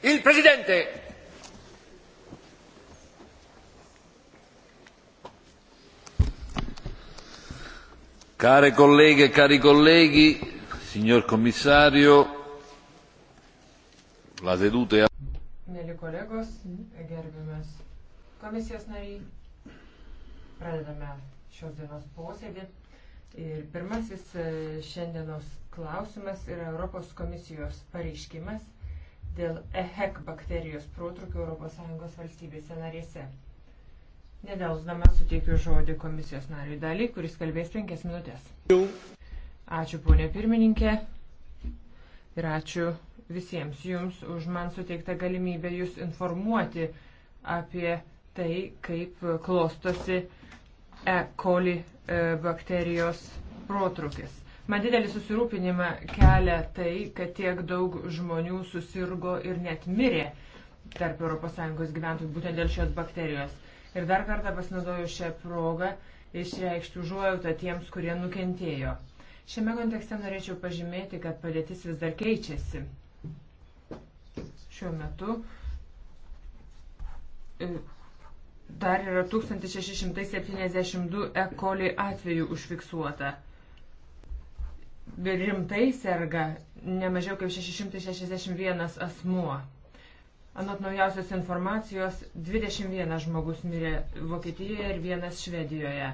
Il Presidente. Care colleghe e cari colleghi, signor Commissario, la seduta è... Mėly kolegos, gerbiamas komisijos nariai, pradedame šios dienos posėdį. Ir pirmasis e, šiandienos klausimas yra Europos komisijos pareiškimas dėl EHEC bakterijos protrukio ES valstybėse narėse. Nedelsdama suteikiu žodį komisijos nariui daliai, kuris kalbės penkias minutės. Ačiū ponė pirmininkė ir ačiū visiems jums už man suteiktą galimybę jūs informuoti apie tai, kaip klostosi E. coli e, bakterijos protrukis. Man didelį susirūpinimą kelia tai, kad tiek daug žmonių susirgo ir net mirė tarp ES gyventojų būtent dėl šios bakterijos. Ir dar kartą pasinaudoju šią progą išreikšti užuojautą tiems, kurie nukentėjo. Šiame kontekste norėčiau pažymėti, kad padėtis vis dar keičiasi. Šiuo metu e, dar yra 1672 ekoli atvejų užfiksuota rimtai serga nemažiau kaip 661 asmuo. Anot naujausios informacijos, 21 žmogus mirė Vokietijoje ir vienas Švedijoje.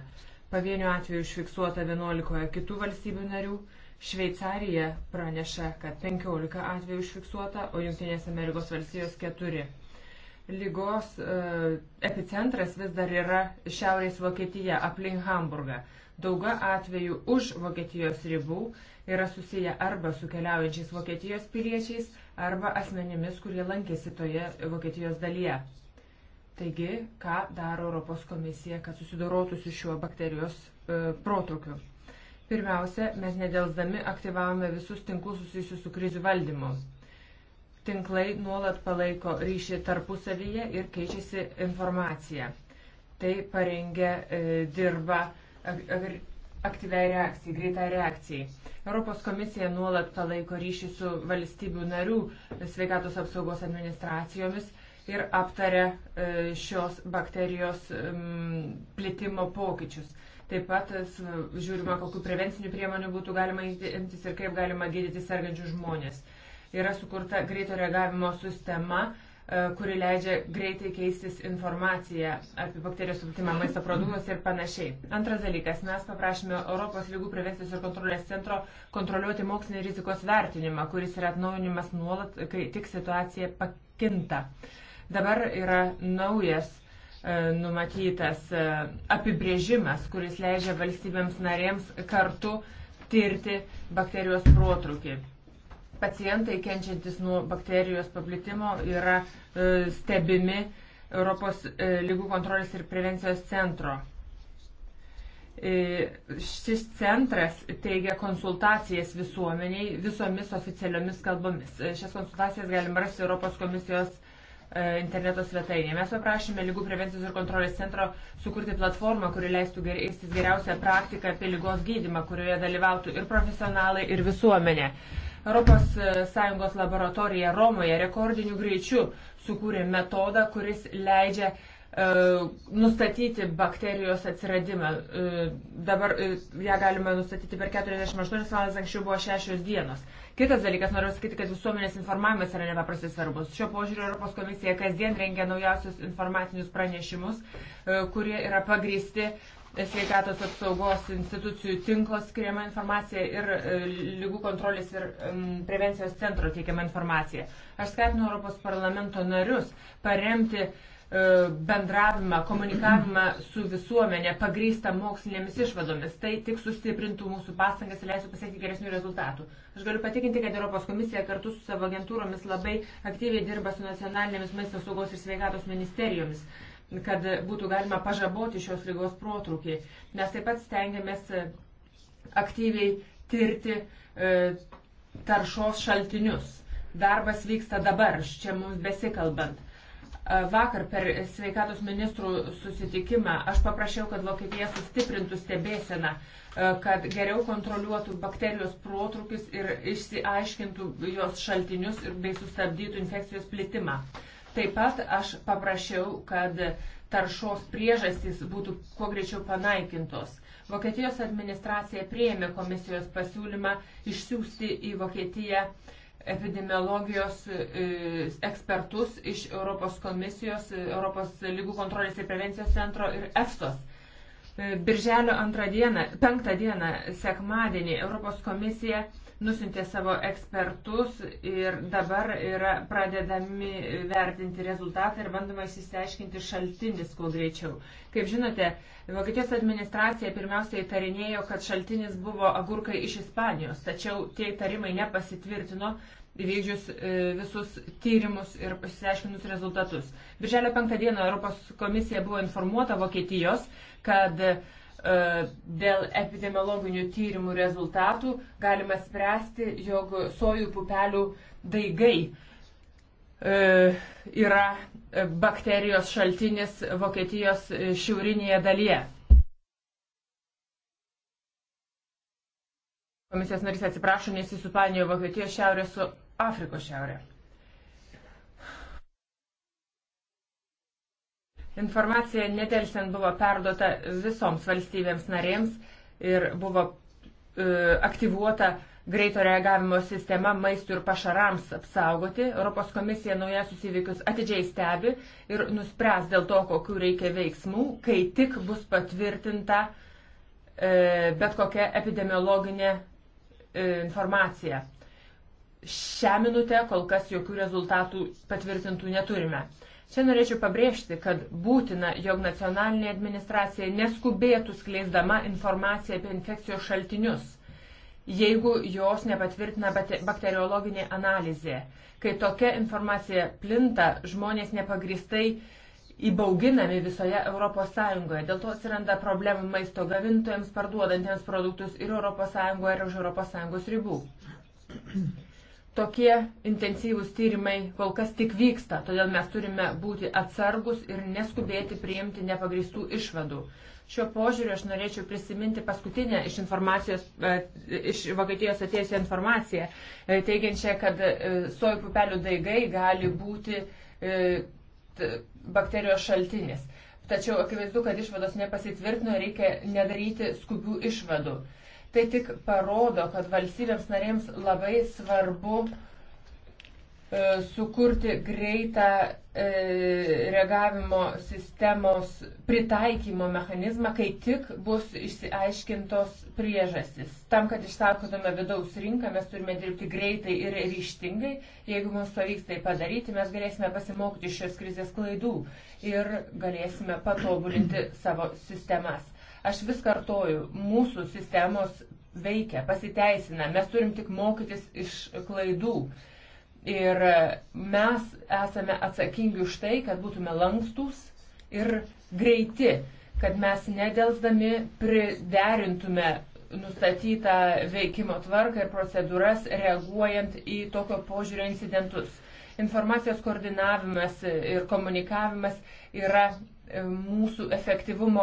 Pavienių atvejų užfiksuota 11 kitų valstybių narių. Šveicarija praneša, kad 15 atvejų užfiksuota, o Junktinės Amerikos valstijos 4. Lygos e, epicentras vis dar yra Šiaurės Vokietija, aplink Hamburgą. Dauga atvejų už Vokietijos ribų yra susiję arba su keliaujančiais Vokietijos piliečiais, arba asmenimis, kurie lankėsi toje Vokietijos dalyje. Taigi, ką daro Europos komisija, kad susidorotų su šiuo bakterijos e, protrukiu? Pirmiausia, mes nedelsdami aktyvavome visus tinklus susijusius su krizių valdymu. Tinklai nuolat palaiko ryšį tarpusavyje ir keičiasi informacija. Tai parengė e, dirba e, aktyviai reakcijai, greitai reakcijai. Europos komisija nuolat palaiko ryšį su valstybių narių sveikatos apsaugos administracijomis ir aptarė e, šios bakterijos plitimo pokyčius. Taip pat e, žiūrima, kokiu prevencinių priemonių būtų galima imtis ir kaip galima gydyti sergančių žmonės. Yra sukurta greito reagavimo sistema, E, kuri leidžia greitai keistis informaciją apie bakterijos suplitimą maisto produktuose ir panašiai. Antras dalykas, mes paprašėme Europos lygų prevencijos ir kontrolės centro kontroliuoti mokslinį rizikos vertinimą, kuris yra atnaujinimas nuolat, kai tik situacija pakinta. Dabar yra naujas e, numatytas e, apibrėžimas, kuris leidžia valstybėms narėms kartu tirti bakterijos protrukį pacientai kenčiantis nuo bakterijos paplitimo yra e, stebimi Europos e, lygų kontrolės ir prevencijos centro. E, šis centras teigia konsultacijas visuomeniai visomis oficialiomis kalbomis. Šias konsultacijas galima rasti Europos komisijos interneto svetainėje. Mes paprašėme lygų prevencijos ir kontrolės centro sukurti platformą, kuri leistų keistis geriausią praktiką apie lygos gydimą, kurioje dalyvautų ir profesionalai, ir visuomenė. ES e, laboratorija Romoje rekordiniu greičiu sukūrė metodą, kuris leidžia uh, nustatyti bakterijos atsiradimą. Uh, dabar uh, ją galime nustatyti per 48 valandas, anksčiau buvo 6 dienos. Kitas dalykas, noriu sakyti, kad visuomenės informavimas yra nepaprastai svarbus. Šio požiūriu Europos komisija kasdien rengia naujausius informacinius pranešimus, kurie yra pagristi sveikatos apsaugos institucijų tinklo skiriama informacija ir e, lygų kontrolės ir prevencijos centro teikiama informacija. Aš skatinu Europos parlamento narius paremti e, bendravimą, komunikavimą su visuomenė pagrįsta mokslinėmis išvadomis. Tai tik sustiprintų mūsų pastangas ir leisų pasiekti geresnių rezultatų. Aš galiu patikinti, kad Europos komisija kartu su savo agentūromis labai aktyviai dirba su nacionalinėmis maisto saugos ir sveikatos ministerijomis, kad būtų galima pažaboti šios lygos protrukį. Mes taip pat stengiamės e, aktyviai tirti e, taršos šaltinius. Darbas vyksta dabar, čia mums besikalbant. E, vakar per sveikatos ministrų susitikimą aš paprašiau, kad Vokietija sustiprintų stebėseną, kad geriau kontroliuotų bakterijos protrukis ir išsiaiškintų jos šaltinius bei sustabdytų infekcijos plitimą. Uh, Taip pat aš paprašiau, kad taršos priežastys būtų kuo greičiau panaikintos. Vokietijos administracija prieėmė komisijos pasiūlymą išsiųsti į Vokietiją epidemiologijos e, ekspertus iš Europos komisijos, Europos lygų kontrolės ir prevencijos centro ir EFSOS E, Birželio 2 dieną, 5 dieną, sekmadienį, Europos komisija nusintė savo ekspertus ir dabar yra pradedami vertinti rezultatą ir bandoma įsiaiškinti šaltinis kuo greičiau. Kaip žinote, Vokietijos administracija pirmiausia įtarinėjo, kad šaltinis buvo agurkai iš Ispanijos, tačiau tie įtarimai nepasitvirtino, įvykdžius e, visus tyrimus ir pasiaiškinus rezultatus. Birželio 5 dieną Europos komisija buvo informuota Vokietijos, kad e, dėl epidemiologinių tyrimų rezultatų galima spręsti, jog sojų pupelių daigai e, yra bakterijos šaltinis Vokietijos šiaurinėje dalyje. Komisijos narys atsiprašo, nes jis supaniojo Vokietijos šiaurės su Afrikos šiaurė. Informacija nedelsiant buvo perduota visoms valstybėms narėms ir buvo e, aktyvuota greito reagavimo sistema maistų ir pašarams apsaugoti. Europos komisija naujasius įvykius atidžiai stebi ir nuspręs dėl to, kokiu reikia veiksmų, kai tik bus patvirtinta e, bet kokia epidemiologinė e, informacija šią minutę kol kas jokių rezultatų patvirtintų neturime. Čia norėčiau pabrėžti, kad būtina, jog nacionalinė administracija neskubėtų skleisdama informaciją apie infekcijos šaltinius, jeigu jos nepatvirtina bakteriologinė analizė. Kai tokia informacija plinta, žmonės nepagristai įbauginami visoje ES. Dėl to atsiranda problemų maisto gavintojams, parduodantiems produktus ir ES ir už ES ribų. Tokie intensyvūs tyrimai kol kas tik vyksta, todėl mes turime būti atsargus ir neskubėti priimti nepagristų išvadų. Šiuo požiūriu aš norėčiau prisiminti paskutinę iš, e, iš Vokietijos atėjusią informaciją, e, teigiančią, kad e, sojų pupelių daigai gali būti bakterijos šaltinis. Tačiau akivaizdu, kad išvados nepasitvirtino, reikia nedaryti skubių išvadų. Tai tik parodo, kad valstybėms narėms labai svarbu e, sukurti greitą e, reagavimo sistemos pritaikymo mechanizmą, kai tik bus išsiaiškintos priežastis. Tam, kad išsaugotume vidaus rinką, mes turime dirbti greitai ir ryštingai. Jeigu mums pavyks tai padaryti, mes galėsime pasimokyti iš šios krizės klaidų ir galėsime patobulinti savo sistemas. Aš vis kartoju, mūsų sistemos veikia, pasiteisina, mes turim tik mokytis iš klaidų. Ir mes esame atsakingi už tai, kad būtume lankstus ir greiti, kad mes nedelsdami priderintume nustatytą veikimo tvarką ir procedūras reaguojant į tokio požiūrio incidentus. Informacijos koordinavimas ir komunikavimas yra E, mūsų efektyvumo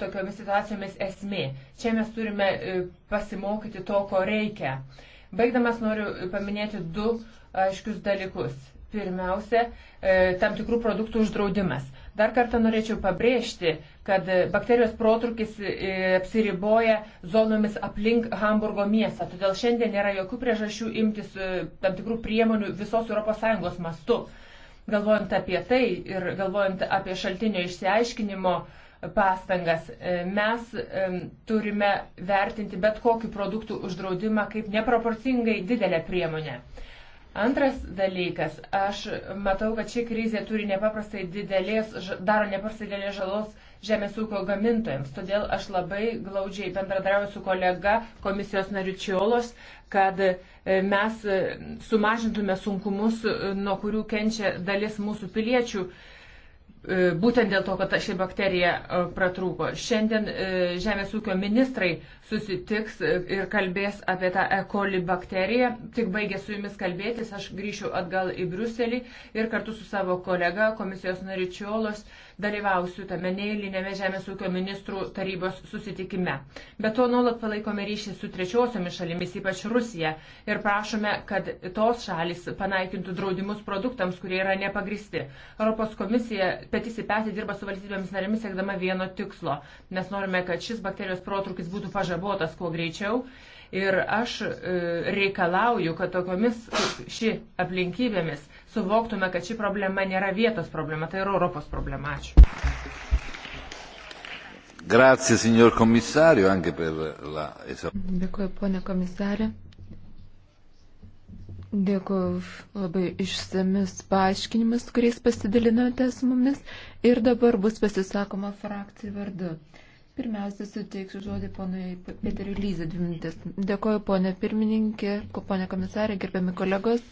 tokiomis situacijomis esmė. Čia mes turime e, pasimokyti to, ko reikia. Baigdamas noriu paminėti du aiškius dalykus. Pirmiausia, e, tam tikrų produktų uždraudimas. Dar kartą norėčiau pabrėžti, kad bakterijos protrukis apsiriboja zonomis aplink Hamburgo miestą. Todėl šiandien nėra jokių priežasčių imtis tam tikrų priemonių visos ES mastu. Galvojant apie tai ir galvojant apie šaltinio išsiaiškinimo pastangas, e, mes e, turime vertinti bet kokį produktų uždraudimą kaip neproporcingai didelę priemonę. Antras dalykas, aš matau, kad ši krizė turi nepaprastai didelės, daro nepaprastai didelės žalos žemės ūkio gamintojams. Todėl aš labai glaudžiai bendradarauju su kolega komisijos nariu Čiolos, kad e, mes e, sumažintume sunkumus, e, nuo kurių kenčia dalis mūsų piliečių būtent dėl to, kad ši bakterija pratrūko. Šiandien žemės ūkio ministrai susitiks ir kalbės apie tą E. coli bakteriją. Tik baigę su jumis kalbėtis, aš grįšiu atgal į Bruselį ir kartu su savo kolega, komisijos naričiolos, dalyvausiu tame neįlinėme Žemės ūkio ministrų tarybos susitikime. Be to nuolat palaikome ryšį su trečiosiomis šalimis, ypač Rusija, ir prašome, kad tos šalis panaikintų draudimus produktams, kurie yra nepagristi. Europos komisija petys į petį dirba su valstybėmis narėmis, siekdama vieno tikslo. Mes norime, kad šis bakterijos protrukis būtų pažabotas pažabotas kuo greičiau. Ir aš e, reikalauju, kad tokiomis ši aplinkybėmis suvoktume, kad ši problema nėra vietos problema, tai yra Europos problema. Ačiū. Grazie, signor komisario, anche per la... Dėkuoju, ponė komisarė. Dėkuoju už labai išsamius paaiškinimus, kuriais pasidalinote su mumis. Ir dabar bus pasisakoma frakcijų vardu. Pirmiausia, suteiksiu žodį ponui Peteriu Lyzė dvi minutės. Dėkoju ponė pirmininkė, ponė komisarė, gerbiami kolegos.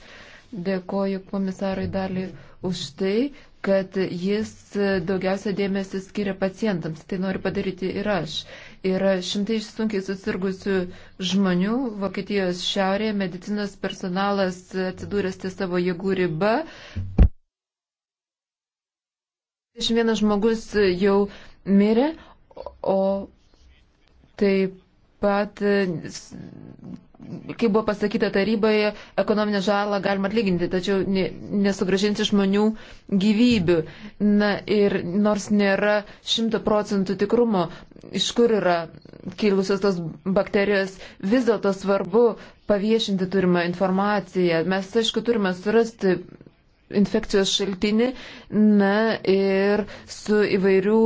Dėkoju komisarui dalį už tai, kad jis daugiausia dėmesio skiria pacientams. Tai noriu padaryti ir aš. Yra šimtai sunkiai susirgusių žmonių. Vokietijos šiaurėje medicinos personalas atsidūręs ties savo jėgų riba. 21 žmogus jau mirė, o taip pat, kaip buvo pasakyta taryboje, ekonominę žalą galima atlyginti, tačiau nesugražinti žmonių gyvybių. Na ir nors nėra šimta procentų tikrumo, iš kur yra kilusios tos bakterijos, vis dėlto svarbu paviešinti turimą informaciją. Mes, aišku, turime surasti infekcijos šaltinį, na ir su įvairių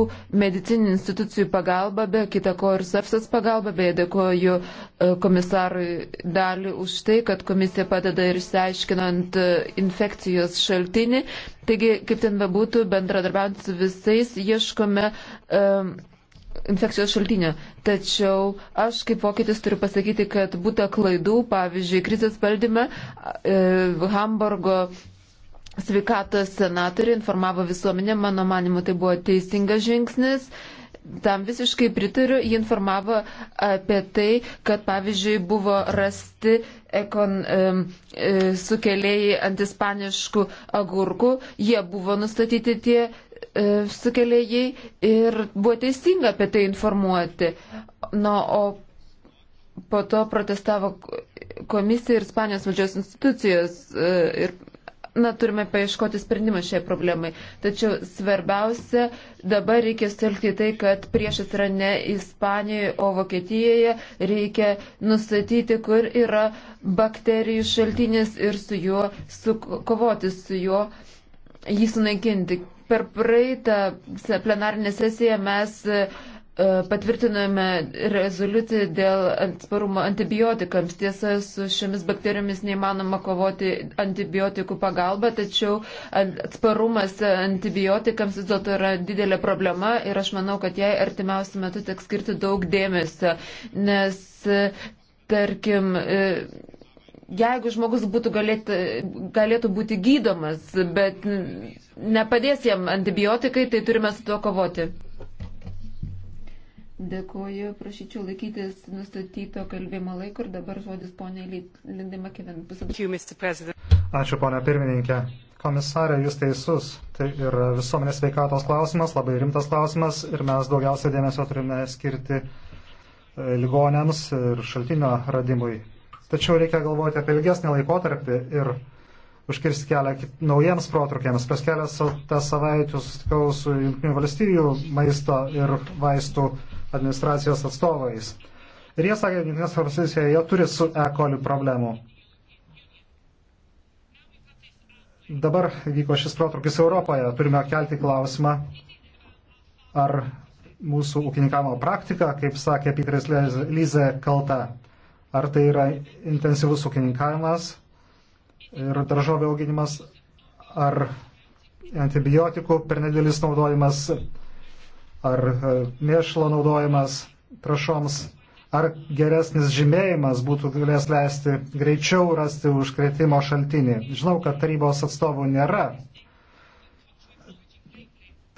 medicininių institucijų pagalba, be kita ko ir SAPSAS pagalba, beje dėkoju e, komisarui dalį už tai, kad komisija padeda ir išsiaiškinant e, infekcijos šaltinį. Taigi, kaip ten bebūtų, bendradarbiaujant su visais, ieškome. Um, infekcijos šaltinio. Tačiau aš kaip vokietis turiu pasakyti, kad būta klaidų, pavyzdžiui, krizės valdyme e, Hamburgo sveikatos senatoriai informavo visuomenę, mano manimu, tai buvo teisingas žingsnis. Tam visiškai pritariu, ji informavo apie tai, kad pavyzdžiui buvo rasti ekon, e, sukėlėjai antispaniškų agurkų, jie buvo nustatyti tie e, sukėlėjai ir buvo teisinga apie tai informuoti. Nu, o po to protestavo komisija ir Spanijos valdžios institucijos e, ir na, turime paieškoti sprendimą šiai problemai. Tačiau svarbiausia, dabar reikia stelkti tai, kad priešas yra ne Ispanijoje, o Vokietijoje. Reikia nustatyti, kur yra bakterijų šaltinis ir su juo sukovoti, su juo jį sunaikinti. Per praeitą plenarinę sesiją mes uh, E, patvirtinome rezoliuciją dėl atsparumo antibiotikams. Tiesa, su šiomis bakterijomis neįmanoma kovoti antibiotikų pagalba, tačiau atsparumas antibiotikams vis dėlto yra didelė problema ir aš manau, kad jai artimiausiu metu teks skirti daug dėmesio, nes, e, tarkim, e, jeigu žmogus būtų galėtų, galėtų būti gydomas, bet nepadės jam antibiotikai, tai turime su tuo kovoti. Dėkuoju, prašyčiau laikytis nustatyto kalbėjimo laiko ir dabar žodis poniai Lindima Kevin. Ačiū, ponia pirmininkė. Komisarė, jūs teisus. Tai yra visuomenės veikatos klausimas, labai rimtas klausimas ir mes daugiausiai dėmesio turime skirti e, ligonėms ir šaltinio radimui. Tačiau reikia galvoti apie ilgesnį laikotarpį ir užkirsti kelią naujiems protrukiams. Prieš kelias tą savaičių susitikau su Junktinių valstybių maisto ir vaistų administracijos atstovais. Ir jie sakė, kad Junktinės valstybėse jie turi su E. coli problemų. Dabar vyko šis protrukis Europoje. Turime kelti klausimą, ar mūsų ūkininkavimo praktika, kaip sakė Piteris Lyze, kalta. Ar tai yra intensyvus ūkininkavimas ir daržovė auginimas, ar antibiotikų pernedėlis naudojimas ar e, mėšlo naudojimas trašoms, ar geresnis žymėjimas būtų galės leisti greičiau rasti užkretimo šaltinį. Žinau, kad tarybos atstovų nėra.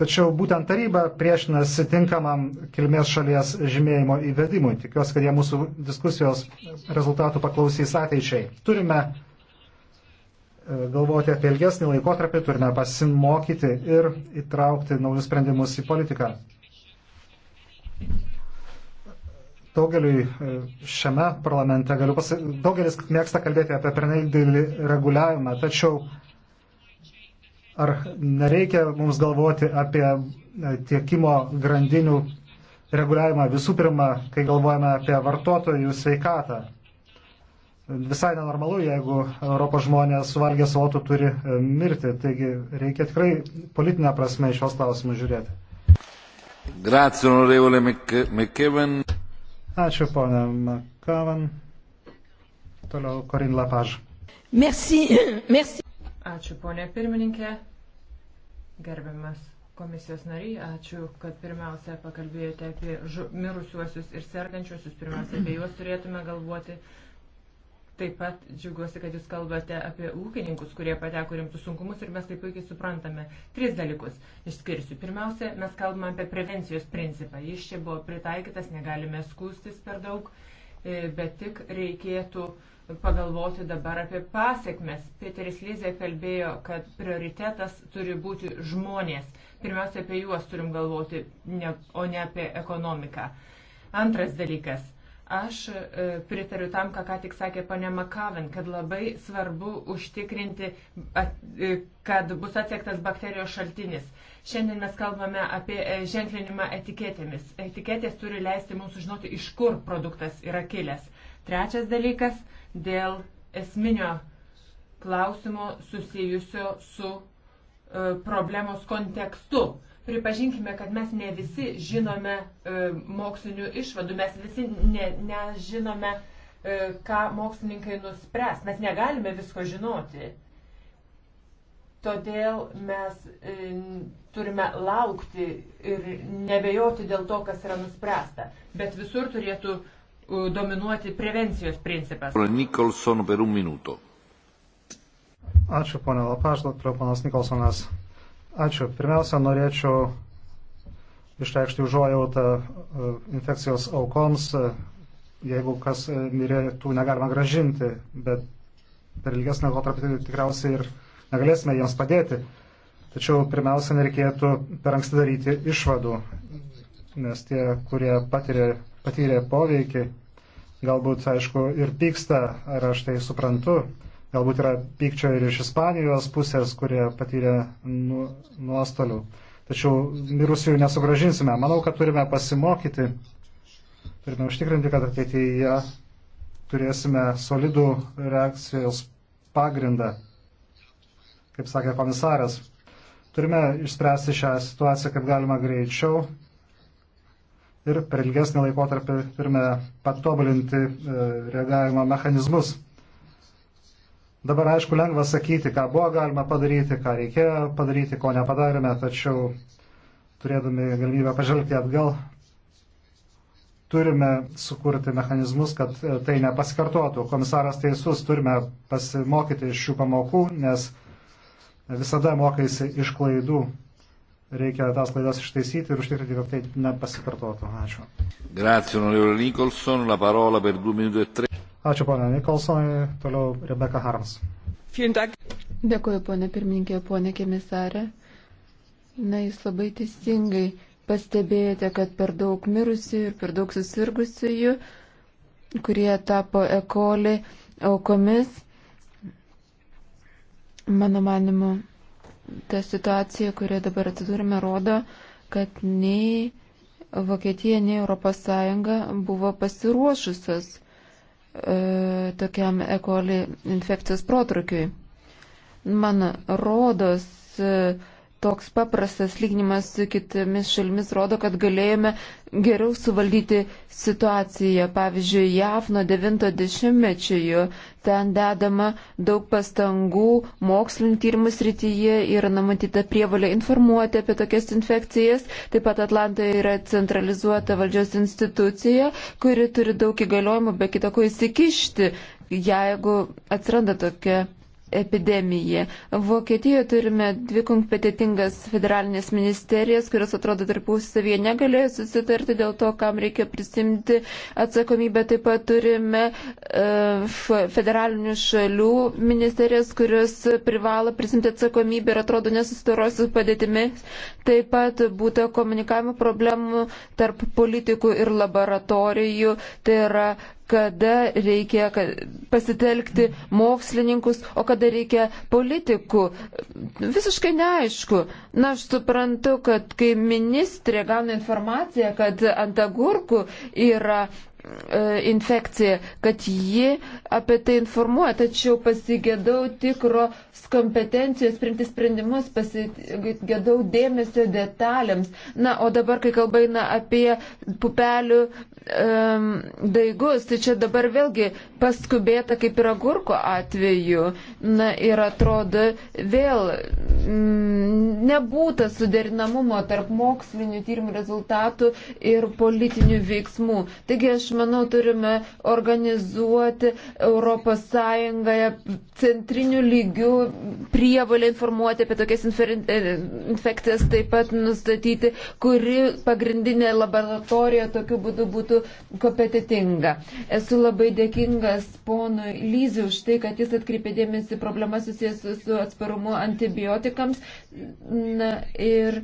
Tačiau būtent taryba priešinasi tinkamam kilmės šalies žymėjimo įvedimui. Tikiuosi, kad jie mūsų diskusijos rezultatų paklausys ateičiai. Turime E, galvoti apie ilgesnį laikotarpį, turime pasimokyti ir įtraukti naujus sprendimus į politiką. Daugeliui e, šiame parlamente, galiu pasakyti, daugelis mėgsta kalbėti apie pernelyg didelį reguliavimą, tačiau ar nereikia mums galvoti apie e, tiekimo grandinių reguliavimą visų pirma, kai galvojame apie vartotojų sveikatą? visai nenormalu, jeigu Europos žmonės suvalgę svotų turi e, mirti. Taigi reikia tikrai politinę prasme iš šios klausimus žiūrėti. Grazie, onorevole McKeven. Ačiū, ponė McKeven. Toliau Korin Lapaž. Merci, merci. Ačiū, ponė pirmininkė. Gerbiamas komisijos nariai, ačiū, kad pirmiausia pakalbėjote apie mirusiuosius ir sergančiuosius. Pirmiausia, apie juos turėtume galvoti Taip pat džiugiuosi, kad jūs kalbate apie ūkininkus, kurie pateko rimtus sunkumus ir mes tai puikiai suprantame. Tris dalykus išskirsiu. Pirmiausia, mes kalbame apie prevencijos principą. Jis čia buvo pritaikytas, negalime skūstis per daug, e, bet tik reikėtų pagalvoti dabar apie pasiekmes. Peteris Lyzė kalbėjo, kad prioritetas turi būti žmonės. Pirmiausia, apie juos turim galvoti, ne, o ne apie ekonomiką. Antras dalykas Aš e, pritariu tam, ką ką tik sakė ponė Makavin, kad labai svarbu užtikrinti, e, kad bus atsiektas bakterijos šaltinis. Šiandien mes kalbame apie e, ženklinimą etiketėmis. Etiketės turi leisti mums sužinoti, iš kur produktas yra kilęs. Trečias dalykas - dėl esminio klausimo susijusio su problemos kontekstu Pripažinkime, kad mes ne visi žinome e, mokslinių išvadų, mes visi ne, nežinome, e, ką mokslininkai nuspręs, mes negalime visko žinoti. Todėl mes e, turime laukti ir nebejoti dėl to, kas yra nuspręsta. Bet visur turėtų e, dominuoti prevencijos principas. Nicholson per un minuto. Ačiū, ponia Lapažda, turiu ponas Nikolsonas. Ačiū. Pirmiausia, norėčiau išreikšti užuojautą e, infekcijos aukoms. E, jeigu kas e, mirė, tų negalima gražinti, bet per ilgesnį laikotarpį tai tikriausiai ir negalėsime jiems padėti. Tačiau pirmiausia, nereikėtų per anksti daryti išvadų, nes tie, kurie patyrė, patyrė poveikį, galbūt, aišku, ir pyksta, ar aš tai suprantu, Galbūt yra pykčio ir iš Ispanijos pusės, kurie patyrė nu, nuostolių. Tačiau mirusiųjų nesugražinsime. Manau, kad turime pasimokyti, turime užtikrinti, kad ateityje turėsime solidų reakcijos pagrindą, kaip sakė komisaras. Turime išspręsti šią situaciją kaip galima greičiau ir per ilgesnį laikotarpį turime patobulinti e, reagavimo mechanizmus. Dabar aišku lengva sakyti, ką buvo galima padaryti, ką reikėjo padaryti, ko nepadarėme, tačiau turėdami galimybę pažvelgti atgal, turime sukurti mechanizmus, kad tai nepasikartotų. Komisaras teisus, turime pasimokyti iš šių pamokų, nes visada mokaisi iš klaidų. Reikia tas klaidas ištaisyti ir užtikrinti, kad tai nepasikartotų. Ačiū. Grazie, Ačiū ponė Nikolsonai, toliau Rebeka Harms. Dėkuoju ponė pirmininkė, ponė komisarė. Na, jūs labai teisingai pastebėjote, kad per daug mirusių ir per daug susirgusiųjų, kurie tapo ekolį aukomis, mano manimu, ta situacija, kurioje dabar atsidūrime, rodo, kad nei Vokietija, nei Europos Sąjunga buvo pasiruošusios e, tokiam ekoli infekcijos protrukiui. Man rodos, e, toks paprastas lyginimas su kitomis šalimis rodo, kad galėjome geriau suvaldyti situaciją. Pavyzdžiui, JAV nuo 90-mečio ten dedama daug pastangų mokslinio tyrimų srityje ir numatyta prievalė informuoti apie tokias infekcijas. Taip pat Atlantoje yra centralizuota valdžios institucija, kuri turi daug įgaliojimų, be kitako įsikišti, jeigu atsiranda tokia epidemiją. Vokietijoje turime dvi kompetitingas federalinės ministerijas, kurios atrodo tarpusavyje negalėjo susitarti dėl to, kam reikia prisimti atsakomybę. Taip pat turime e, federalinių šalių ministerijas, kurios privalo prisimti atsakomybę ir atrodo nesustaros su padėtimi. Taip pat būtų komunikavimo problemų tarp politikų ir laboratorijų. Tai yra kada reikia pasitelkti mokslininkus, o kada reikia politikų. Visiškai neaišku. Na, aš suprantu, kad kai ministrė gauna informaciją, kad ant agurkų yra E, infekcija, kad ji apie tai informuoja, tačiau pasigėdau tikros kompetencijos priimti sprendimus, pasigėdau dėmesio detalėms. Na, o dabar, kai kalba eina apie pupelių um, daigus, tai čia dabar vėlgi paskubėta kaip ir agurko atveju. Na, ir atrodo vėl mm, nebūta suderinamumo tarp mokslinių tyrimų rezultatų ir politinių veiksmų. Taigi aš aš manau, turime organizuoti Europos Sąjungoje centrinių lygių prievalę informuoti apie tokias e, infekcijas, taip pat nustatyti, kuri pagrindinė laboratorija tokiu būdu būtų kompetitinga. Esu labai dėkingas ponui Lyziu už tai, kad jis atkreipė dėmesį problemas susijęs su atsparumu antibiotikams. Na, ir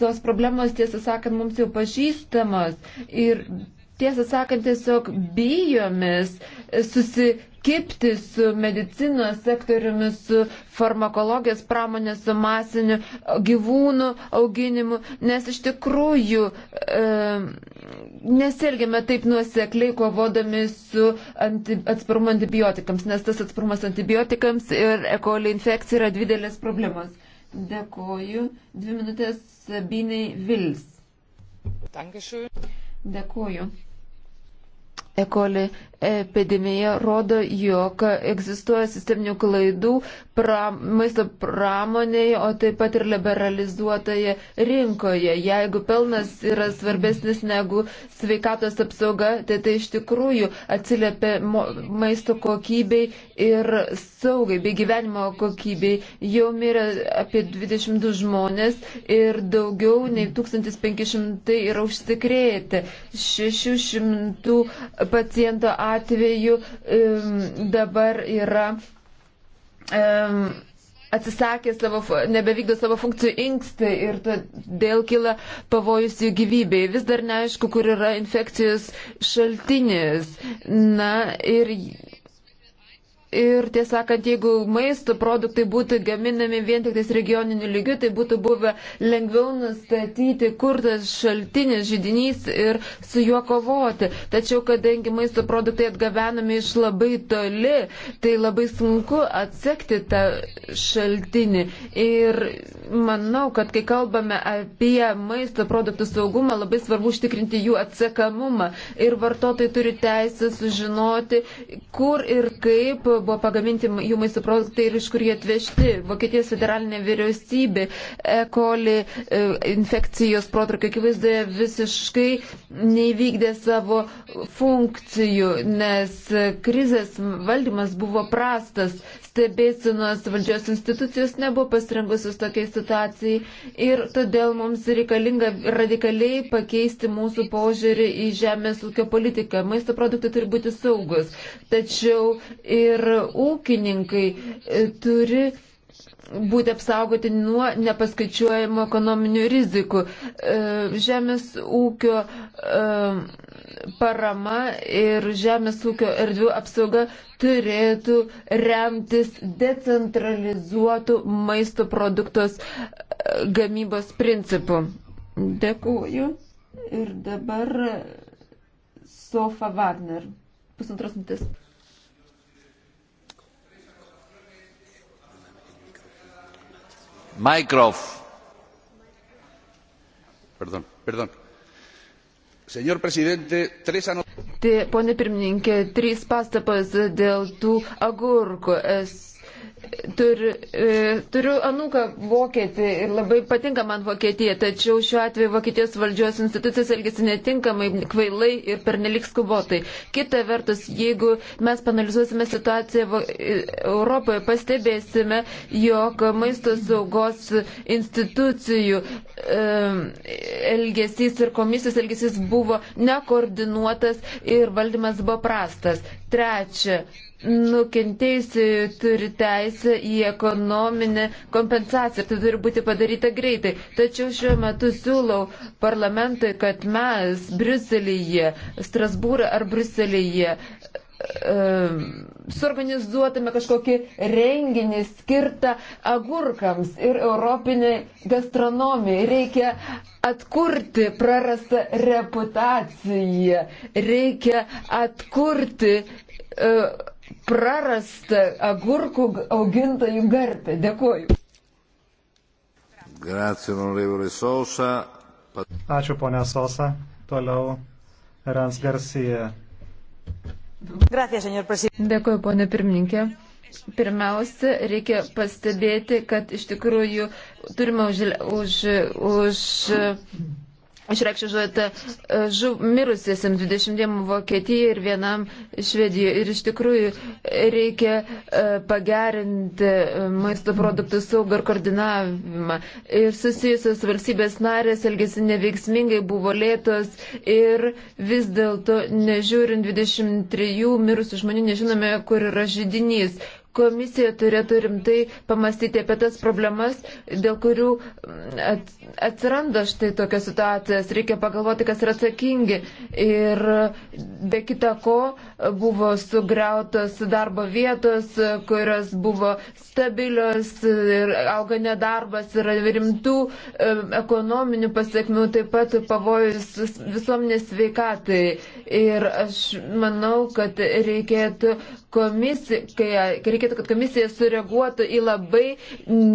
tos problemos, tiesą sakant, mums jau pažįstamos ir tiesą sakant, tiesiog bijomis susikipti su medicinos sektoriumi, su farmakologijos pramonė, su masiniu gyvūnų auginimu, nes iš tikrųjų e, nesielgiame taip nuosekliai kovodami su anti, atsparumu antibiotikams, nes tas atsparumas antibiotikams ir ekolio infekcija yra didelės problemos. Dėkoju. Dvi minutės Sabinai Vils. Dankeschön. Dėkoju ekoli epidemija rodo, jog egzistuoja sisteminių klaidų pra, maisto pramonėje, o taip pat ir liberalizuotoje rinkoje. Jeigu pelnas yra svarbesnis negu sveikatos apsauga, tai tai iš tikrųjų atsiliepia maisto kokybei ir saugai bei gyvenimo kokybei. Jau mirė apie 22 žmonės ir daugiau nei 1500 yra užsikrėti. 600 paciento atveju dabar yra atsisakė savo, nebevykdo savo funkcijų inkstai ir todėl kyla pavojus jų gyvybei. Vis dar neaišku, kur yra infekcijos šaltinis. Na ir Ir tiesą sakant, jeigu maisto produktai būtų gaminami vien tik tais regioniniu lygiu, tai būtų buvę lengviau nustatyti, kur tas šaltinis žydinys ir su juo kovoti. Tačiau, kadangi maisto produktai atgabenami iš labai toli, tai labai sunku atsekti tą šaltinį. Ir manau, kad kai kalbame apie maisto produktų saugumą, labai svarbu užtikrinti jų atsekamumą. Ir vartotojai turi teisę sužinoti, kur ir kaip buvo pagaminti jų maisto produktai ir iš kur jie atvežti. Vokietijos federalinė vyriausybė E. coli e, infekcijos protrukio akivaizdoje visiškai neįvykdė savo funkcijų, nes krizės valdymas buvo prastas, stebėsinos valdžios institucijos nebuvo pasirengusios tokiai situacijai ir todėl mums reikalinga radikaliai pakeisti mūsų požiūrį į žemės ūkio politiką. Maisto produktai turi būti saugus, tačiau ir ūkininkai e, turi būti apsaugoti nuo nepaskaičiuojamo ekonominių rizikų. E, žemės ūkio e, parama ir žemės ūkio erdvių apsauga turėtų remtis decentralizuotų maisto produktos gamybos principų. Dėkuoju. Ir dabar Sofa Wagner. Pusantros minutės. Pone pirmininkė, trys pastabas dėl tų agurkų. Esu Tur, e, turiu anūką vokietį ir labai patinka man Vokietija, tačiau šiuo atveju Vokietijos valdžios institucijos elgesi netinkamai, kvailai ir pernelik skubotai. Kita vertus, jeigu mes panalizuosime situaciją e, Europoje, pastebėsime, jog maisto saugos institucijų e, elgesys ir komisijos elgesys buvo nekoordinuotas ir valdymas buvo prastas. Trečia, nukentėjusi turi teisę į ekonominę kompensaciją ir tai turi būti padaryta greitai. Tačiau šiuo metu siūlau parlamentui, kad mes Briuselyje, Strasbūrą ar Briuselyje um, suorganizuotume kažkokį renginį skirtą agurkams ir europiniai gastronomijai. Reikia atkurti prarastą reputaciją, reikia atkurti uh, prarastą agurkų augintojų garbę. Dėkuoju. Ačiū, ponė Sosa. Toliau Rans Garcia. Dėkuoju, ponė pirmininkė. Pirmiausia, reikia pastebėti, kad iš tikrųjų turime už, už, už išreikšė žodį e, žu, mirusiesiam 20 Vokietijai ir vienam Švedijai. Ir iš tikrųjų reikia e, pagerinti e, maisto produktų saugą ir koordinavimą. Ir susijusios valstybės narės elgesi neveiksmingai buvo lėtos ir vis dėlto nežiūrint 23 mirusių žmonių nežinome, kur yra žydinys komisija turėtų rimtai pamastyti apie tas problemas, dėl kurių mm, atsiranda štai tokios situacijos. Reikia pagalvoti, kas yra atsakingi. Ir be kita ko buvo sugriautos darbo vietos, kurios buvo stabilios ir auga nedarbas, yra rimtų ekonominių pasiekmių, taip pat pavojus visuomenės sveikatai. Ir aš manau, kad reikėtų komisija, kai reikėtų, kad komisija sureaguotų į labai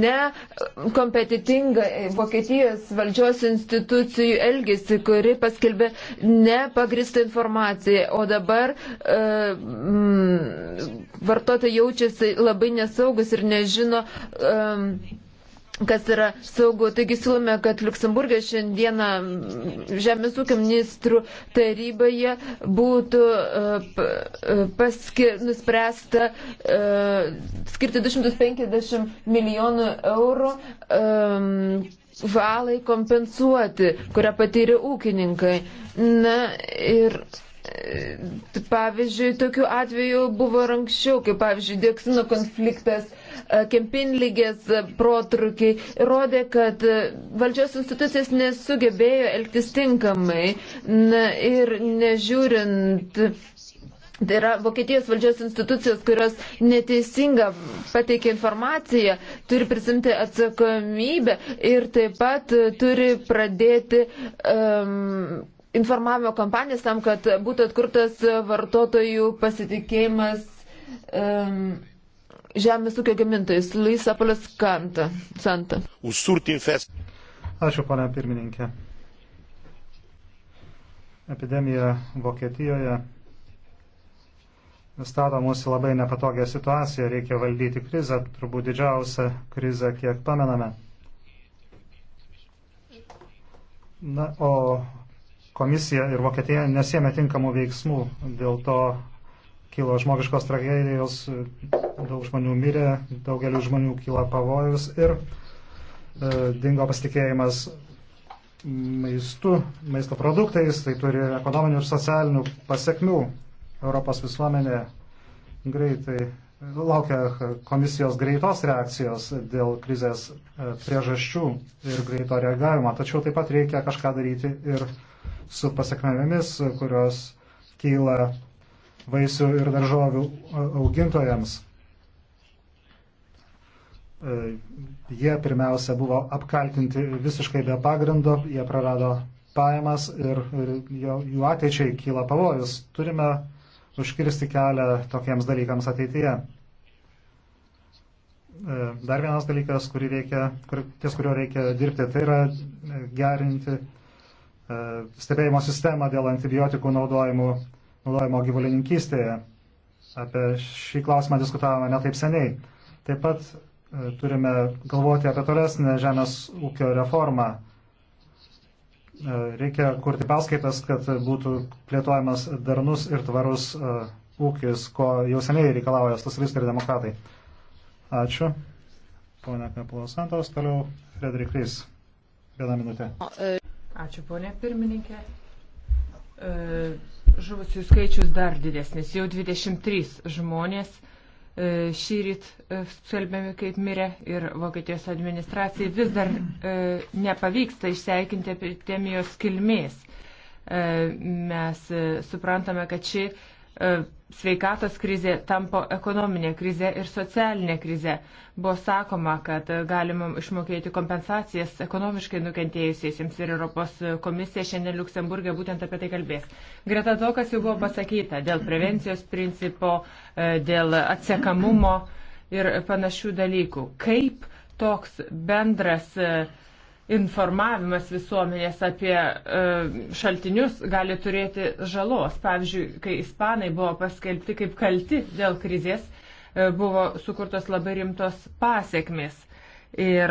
nekompetitingą Vokietijos valdžios institucijų elgesį, kuri paskelbė nepagristą informaciją. O dabar e, mm, vartotojai jaučiasi labai nesaugus ir nežino. E, kas yra saugu. Taigi siūlome, kad Luksemburgė šiandieną Žemės ūkio ministrų taryboje būtų e, e, paski, nuspręsta e, skirti 250 milijonų eurų valai kompensuoti, kurią patyrė ūkininkai. Na ir pavyzdžiui, tokių atvejų buvo anksčiau, kaip pavyzdžiui, dioksino konfliktas E, kempinlygės protrukiai rodė, kad e, valdžios institucijas nesugebėjo elgtis tinkamai. Na, ir nežiūrint Tai yra Vokietijos valdžios institucijos, kurios neteisinga pateikia informaciją, turi prisimti atsakomybę ir taip pat turi pradėti um, informavimo kampanijas tam, kad būtų atkurtas vartotojų pasitikėjimas. Um, žemės ūkio gamintojais Luisa Poliskanta. Ačiū, ponia pirmininkė. Epidemija Vokietijoje stato mūsų labai nepatogią situaciją, reikia valdyti krizę, turbūt didžiausią krizę, kiek pamename. Na, o komisija ir Vokietija nesėmė tinkamų veiksmų, dėl to kilo žmogiškos tragedijos, daug žmonių mirė, daugeliu žmonių kyla pavojus ir e, dingo pasitikėjimas maistu, maisto produktais, tai turi ekonominių ir socialinių pasiekmių. Europos visuomenė greitai laukia komisijos greitos reakcijos dėl krizės e, priežasčių ir greito reagavimo, tačiau taip pat reikia kažką daryti ir su pasiekmėmis, kurios kyla vaisių ir daržovių augintojams. E, jie pirmiausia buvo apkaltinti visiškai be pagrindo, jie prarado pajamas ir, ir jų ateičiai kyla pavojus. Turime užkirsti kelią tokiems dalykams ateityje. E, dar vienas dalykas, kurį reikia, kur, ties kurio reikia dirbti, tai yra gerinti e, stebėjimo sistemą dėl antibiotikų naudojimų naudojimo gyvulininkystėje. Apie šį klausimą diskutavome netaip seniai. Taip pat e, turime galvoti apie tolesnę žemės ūkio reformą. E, reikia kurti paskaitas, kad būtų plėtojamas darnus ir tvarus e, ūkis, ko jau seniai reikalauja socialistai ir demokratai. Ačiū. Pone Kapulos Santos, toliau Frederik Rys. Vieną minutę. Ačiū, ponė pirmininkė. E Žuvusių skaičius dar didesnis. Jau 23 žmonės e, šį ryt e, skelbiami kaip mirę ir Vokietijos administracijai vis dar e, nepavyksta išsiaikinti epidemijos kilmės. Mes suprantame, kad ši E, sveikatos krizė tampo ekonominė krizė ir socialinė krizė. Buvo sakoma, kad galima išmokėti kompensacijas ekonomiškai nukentėjusiesiems ir Europos komisija šiandien Luksemburgė būtent apie tai kalbės. Greta to, kas jau buvo pasakyta dėl prevencijos principo, e, dėl atsekamumo ir panašių dalykų. Kaip toks bendras uh, informavimas visuomenės apie e, šaltinius gali turėti žalos. Pavyzdžiui, kai ispanai buvo paskelbti kaip kalti dėl krizės, e, buvo sukurtos labai rimtos pasiekmes. Ir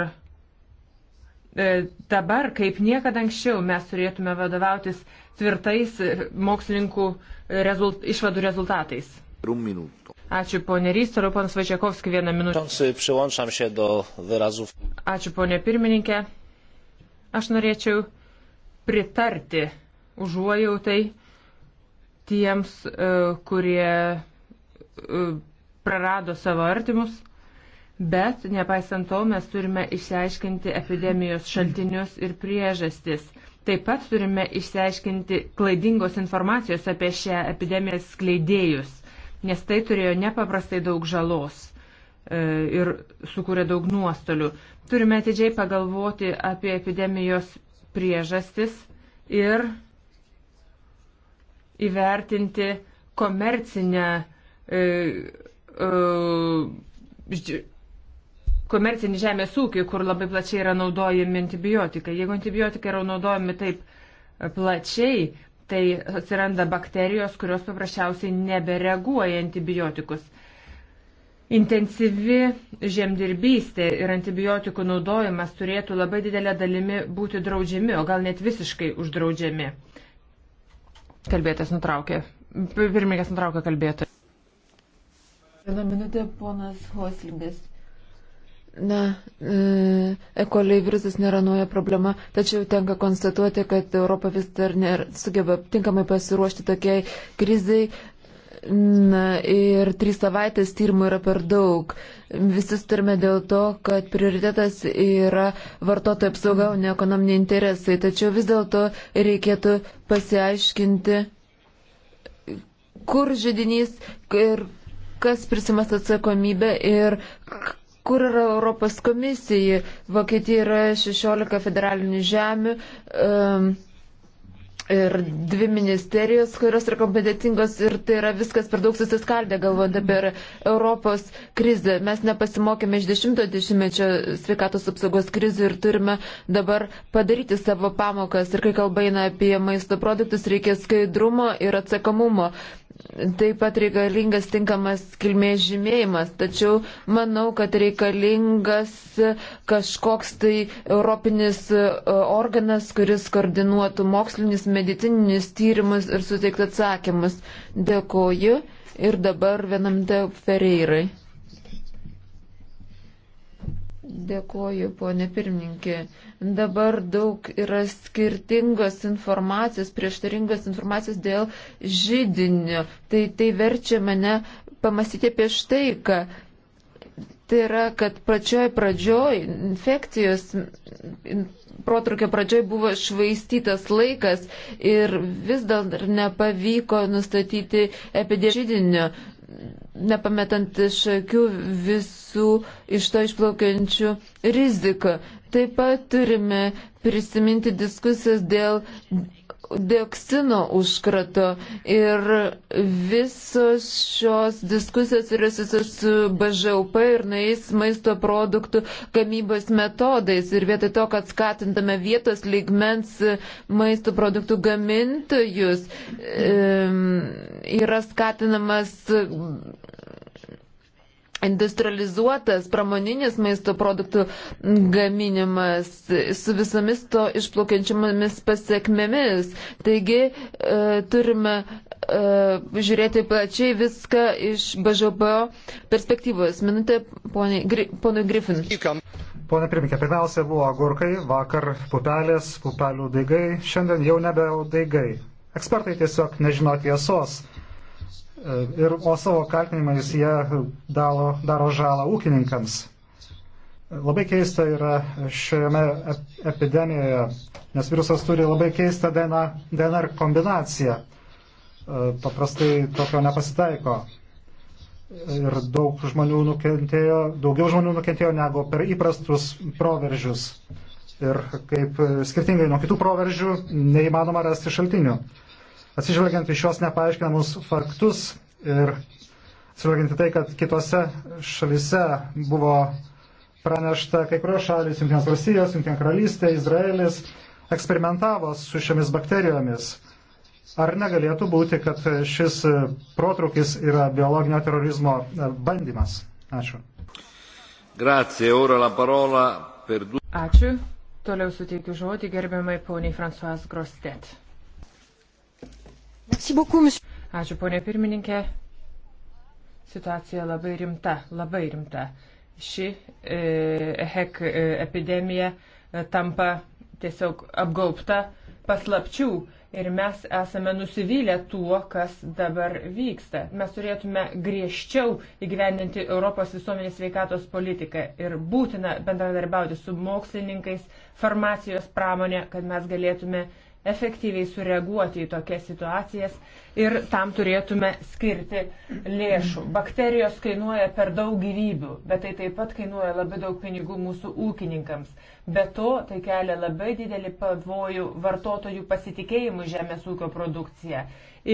e, dabar, kaip niekada anksčiau, mes turėtume vadovautis tvirtais mokslininkų rezult, išvadų rezultatais. Ačiū ponė Rys, toliau ponas Vačiakovski vieną minutę. Ačiū ponė pirmininkė. Aš norėčiau pritarti užuojautai tiems, e, kurie e, prarado savo artimus, bet nepaisant to mes turime išsiaiškinti epidemijos šaltinius ir priežastis. Taip pat turime išsiaiškinti klaidingos informacijos apie šią epidemiją skleidėjus, nes tai turėjo nepaprastai daug žalos. E, ir sukuria daug nuostolių. Turime atidžiai pagalvoti apie epidemijos priežastis ir įvertinti komercinę, e, e, komercinį žemės ūkį, kur labai plačiai yra naudojami antibiotikai. Jeigu antibiotikai yra naudojami taip plačiai, tai atsiranda bakterijos, kurios paprasčiausiai nebereaguoja antibiotikus. Intensyvi žemdirbystė ir antibiotikų naudojimas turėtų labai didelę dalimi būti draudžiami, o gal net visiškai uždraudžiami. Kalbėtas nutraukė. Pirmininkas nutraukė kalbėtą. Vieną minutę, ponas Hoslibis. Na, e, ekolai virusas nėra nauja problema, tačiau tenka konstatuoti, kad Europa vis dar nesugeba tinkamai pasiruošti tokiai krizai, Na ir trys savaitės tyrimų yra per daug. Visi turime dėl to, kad prioritetas yra vartotojų apsauga, o ne ekonominiai interesai. Tačiau vis dėlto reikėtų pasiaiškinti, kur žydinys ir kas prisimas atsakomybę ir kur yra Europos komisija. Vokietija yra 16 federalinių žemių. Um, ir dvi ministerijos, kurios yra kompetitingos ir tai yra viskas per daug susiskaldę, galvojant apie Europos krizę. Mes nepasimokėme iš dešimto dešimtmečio sveikatos apsaugos krizių ir turime dabar padaryti savo pamokas. Ir kai kalba eina apie maisto produktus, reikia skaidrumo ir atsakomumo. Taip pat reikalingas tinkamas kilmės žymėjimas, tačiau manau, kad reikalingas kažkoks tai europinis e, organas, kuris koordinuotų mokslinis, medicininis tyrimus ir suteiktų atsakymus. Dėkoju ir dabar vienam de Ferreirai. Dėkoju, ponė pirmininkė. Dabar daug yra skirtingos informacijos, prieštaringos informacijos dėl žydinio. Tai, tai verčia mane pamastyti apie štai, ką. Tai yra, kad pačioj pradžioj infekcijos protrukio pradžioj buvo švaistytas laikas ir vis dar nepavyko nustatyti epidėžydinio nepametant iš akių visų iš to išplaukiančių riziką. Taip pat turime prisiminti diskusijas dėl dioksino užkrato ir visos šios diskusijos yra susijusios su BŽUP ir nais maisto produktų gamybos metodais ir vietoj to, kad skatintume vietos lygmens maisto produktų gamintojus, yra skatinamas industrializuotas pramoninis maisto produktų gaminimas su visomis to išplaukiančiamis pasiekmėmis. Taigi e, turime e, žiūrėti plačiai viską iš BŽP perspektyvos. Minutė ponui Gri, Griffin. Pone pirmininkė, pirmiausia buvo agurkai, vakar pupelės, pupelių daigai, šiandien jau nebe daigai. Ekspertai tiesiog nežino tiesos ir, o savo kaltinimais jie dalo, daro žalą ūkininkams. Labai keista yra šioje epidemijoje, nes virusas turi labai keistą DNR kombinaciją. E, paprastai tokio nepasitaiko. Ir daug žmonių nukentėjo, daugiau žmonių nukentėjo negu per įprastus proveržius. Ir kaip skirtingai nuo kitų proveržių, neįmanoma rasti šaltinių. Atsižvelgiant į šios nepaaiškinamus faktus ir atsižvelgiant į tai, kad kitose šalise buvo pranešta, kai kurios šalis, Junktinės valstijos, Junktinė karalystė, Izraelis, eksperimentavo su šiomis bakterijomis. Ar negalėtų būti, kad šis protrukis yra biologinio terorizmo bandymas? Ačiū. Grazie, ora la parola per du. Ačiū. Toliau suteikiu žodį gerbiamai poniai Fransuas Grostet. Ačiū, ponė pirmininkė. Situacija labai rimta, labai rimta. Ši e, hek e, epidemija e, tampa tiesiog apgaupta paslapčių ir mes esame nusivylę tuo, kas dabar vyksta. Mes turėtume griežčiau įgyvendinti Europos visuomenės veikatos politiką ir būtina bendradarbiauti su mokslininkais, farmacijos pramonė, kad mes galėtume efektyviai sureaguoti į tokias situacijas ir tam turėtume skirti lėšų. Bakterijos kainuoja per daug gyvybių, bet tai taip pat kainuoja labai daug pinigų mūsų ūkininkams. Be to, tai kelia labai didelį pavojų vartotojų pasitikėjimui žemės ūkio produkcija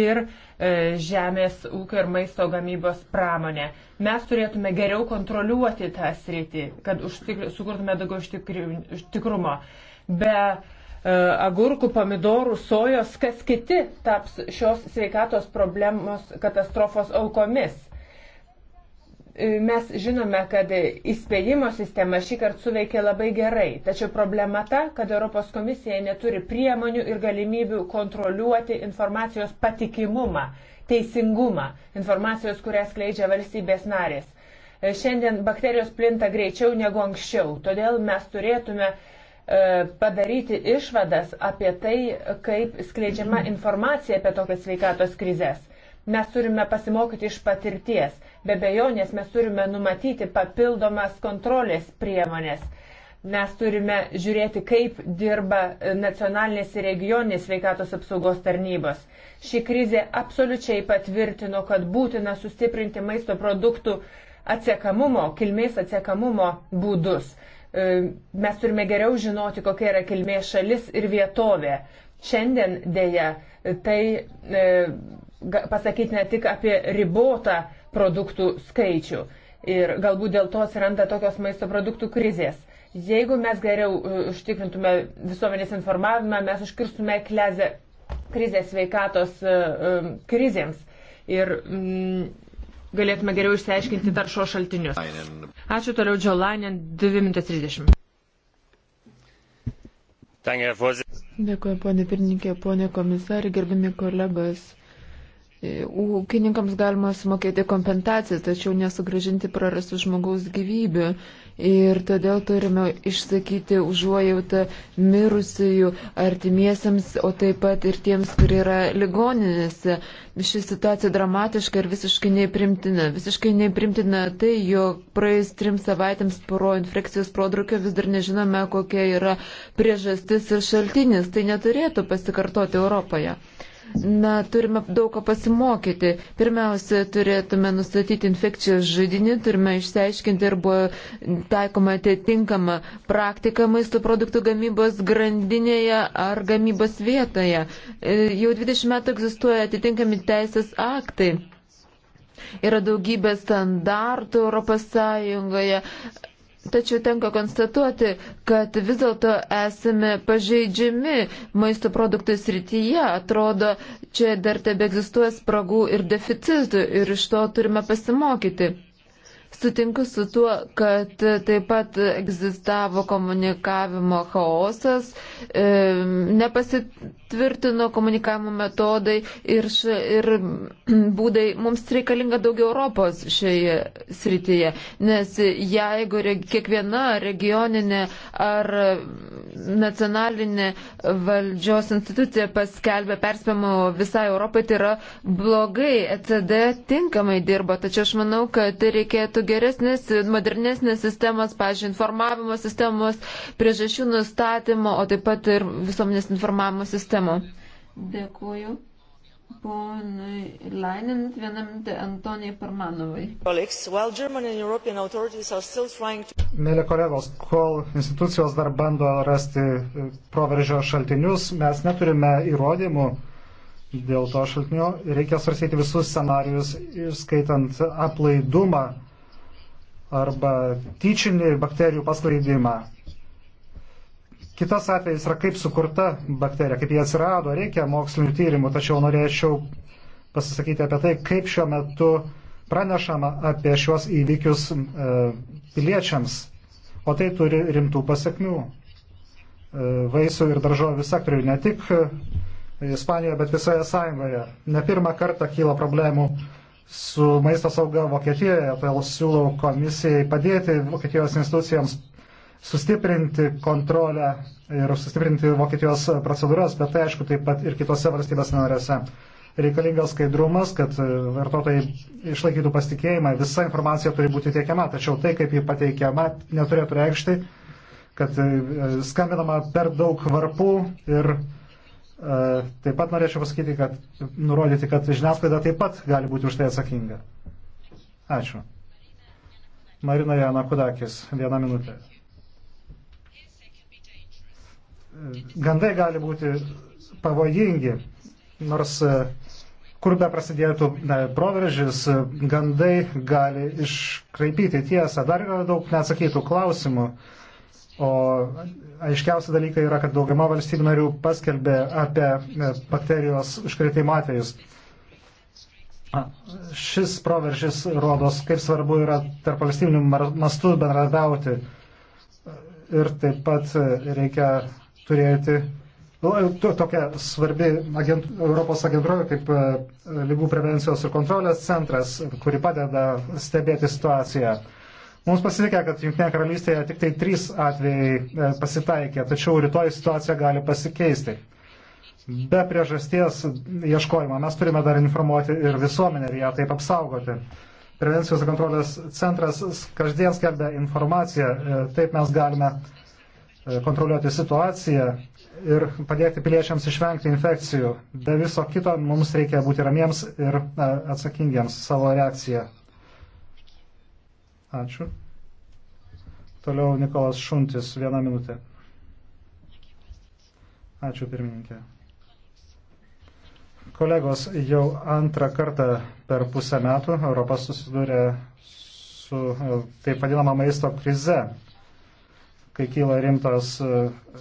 ir e, žemės ūkio ir maisto gamybos pramonė. Mes turėtume geriau kontroliuoti tą sritį, kad užtikri, sukurtume daugiau užtikrumo. Be E, agurkų, pomidorų, sojos, kas kiti taps šios sveikatos problemos katastrofos aukomis. E, mes žinome, kad įspėjimo sistema šį kartą suveikė labai gerai, tačiau problema ta, kad Europos komisija neturi priemonių ir galimybių kontroliuoti informacijos patikimumą, teisingumą, informacijos, kurią skleidžia valstybės narės. E, šiandien bakterijos plinta greičiau negu anksčiau, todėl mes turėtume uh, E, padaryti išvadas apie tai, kaip skleidžiama informacija apie tokias sveikatos krizės. Mes turime pasimokyti iš patirties, be bejonės mes turime numatyti papildomas kontrolės priemonės. Mes turime žiūrėti, kaip dirba nacionalinės ir regioninės sveikatos apsaugos tarnybos. Ši krizė absoliučiai patvirtino, kad būtina sustiprinti maisto produktų atsiekamumo, kilmės atsiekamumo būdus E, mes turime geriau žinoti, kokia yra kilmės šalis ir vietovė. Šiandien dėja tai e, pasakyti ne tik apie ribotą produktų skaičių ir galbūt dėl to atsiranda tokios maisto produktų krizės. Jeigu mes geriau e, užtikrintume visuomenės informavimą, mes užkirstume klezę krizės sveikatos e, e, krizėms. Ir mm, galėtume geriau išsiaiškinti taršo šaltinius. Ačiū toliau, Džiolainen, 2 minutės 30. Dėkuoju, ponė pirmininkė, ponė komisarė, gerbimi kolegos. E, ūkininkams galima sumokėti kompensacijas, tačiau nesugražinti prarastų žmogaus gyvybių. Ir todėl turime išsakyti užuojautą mirusiųjų artimiesiams, o taip pat ir tiems, kurie yra ligoninėse. Ši situacija dramatiška ir visiškai neįprimtina. Visiškai neįprimtina tai, jog praėjus trim savaitėms poro infekcijos prodrukio vis dar nežinome, kokia yra priežastis ir šaltinis. Tai neturėtų pasikartoti Europoje. Na, turime daug ko pasimokyti. Pirmiausia, turėtume nustatyti infekcijos žydinį, turime išsiaiškinti, ar buvo taikoma atitinkama praktika maisto produktų gamybos grandinėje ar gamybos vietoje. E, jau 20 metų egzistuoja atitinkami teisės aktai. Yra daugybė standartų Europos Sąjungoje Tačiau tenka konstatuoti, kad vis dėlto esame pažeidžiami maisto produktų srityje. Atrodo, čia dar tebe egzistuoja spragų ir deficitų ir iš to turime pasimokyti. Sutinku su tuo, kad taip pat egzistavo komunikavimo chaosas, e, nepasitikėjimas tvirtino komunikavimo metodai ir, š, ir būdai. Mums reikalinga daugiau Europos šioje srityje, nes jeigu re, kiekviena regioninė ar nacionalinė valdžios institucija paskelbė perspėjimą visai Europai, tai yra blogai. ECD tinkamai dirba, tačiau aš manau, kad reikėtų geresnės, modernesnės sistemas, pažiūrėjau, informavimo sistemos, priežasčių nustatymo, o taip pat ir visuomenės informavimo sistemos sistemą. Dėkuoju. Ponui Lainin, vieną minutę Antonijai Parmanovai. Mėly kolegos, kol institucijos dar bando rasti e, proveržio šaltinius, mes neturime įrodymų dėl to šaltinio. Reikia svarstyti visus scenarius, skaitant aplaidumą arba tyčinį bakterijų pasklaidimą. Kitas atvejis yra kaip sukurta bakterija, kaip jie atsirado, reikia mokslinių tyrimų, tačiau norėčiau pasisakyti apie tai, kaip šiuo metu pranešama apie šiuos įvykius e, piliečiams, o tai turi rimtų pasiekmių e, vaisių ir daržovių sektoriui, ne tik e, Ispanijoje, bet visoje sąjungoje. Ne pirmą kartą kyla problemų su maisto sauga Vokietijoje, todėl tai siūlau komisijai padėti Vokietijos institucijams sustiprinti kontrolę ir sustiprinti Vokietijos procedūras, bet tai aišku taip pat ir kitose valstybės narėse. Reikalingas skaidrumas, kad vartotojai išlaikytų pasitikėjimą, visa informacija turi būti tiekiama, tačiau tai, kaip ji pateikiama, neturėtų reikšti, kad e, skambinama per daug varpų ir e, Taip pat norėčiau pasakyti, kad nurodyti, kad žiniasklaida taip pat gali būti už tai atsakinga. Ačiū. Marina Janakudakis, viena minutė gandai gali būti pavojingi, nors e, kur be prasidėtų proveržis, e, gandai gali iškraipyti tiesą. Dar yra daug neatsakytų klausimų. O aiškiausia dalykai yra, kad dauguma valstybių narių paskelbė apie e, bakterijos užkretimo atvejus. Šis proveržis rodos, kaip svarbu yra tarp valstybinių mastų bendradauti. Ir taip pat reikia turėti nu, tokia svarbi agent, Europos agentūra kaip e, lygų prevencijos ir kontrolės centras, kuri padeda stebėti situaciją. Mums pasisekė, kad Junktinėje karalystėje tik tai trys atvejai e, pasitaikė, tačiau rytoj situacija gali pasikeisti. Be priežasties ieškojimo mes turime dar informuoti ir visuomenę ir ją taip apsaugoti. Prevencijos kontrolės centras kasdien skelbia informaciją, e, taip mes galime uh, kontroliuoti situaciją ir padėti piliečiams išvengti infekcijų. Be viso kito mums reikia būti ramiems ir atsakingiems savo reakciją. Ačiū. Toliau Nikolas Šuntis, vieną minutę. Ačiū pirmininkė. Kolegos, jau antrą kartą per pusę metų Europas susidūrė su e, taip vadinama maisto krize kai kyla rimtos e,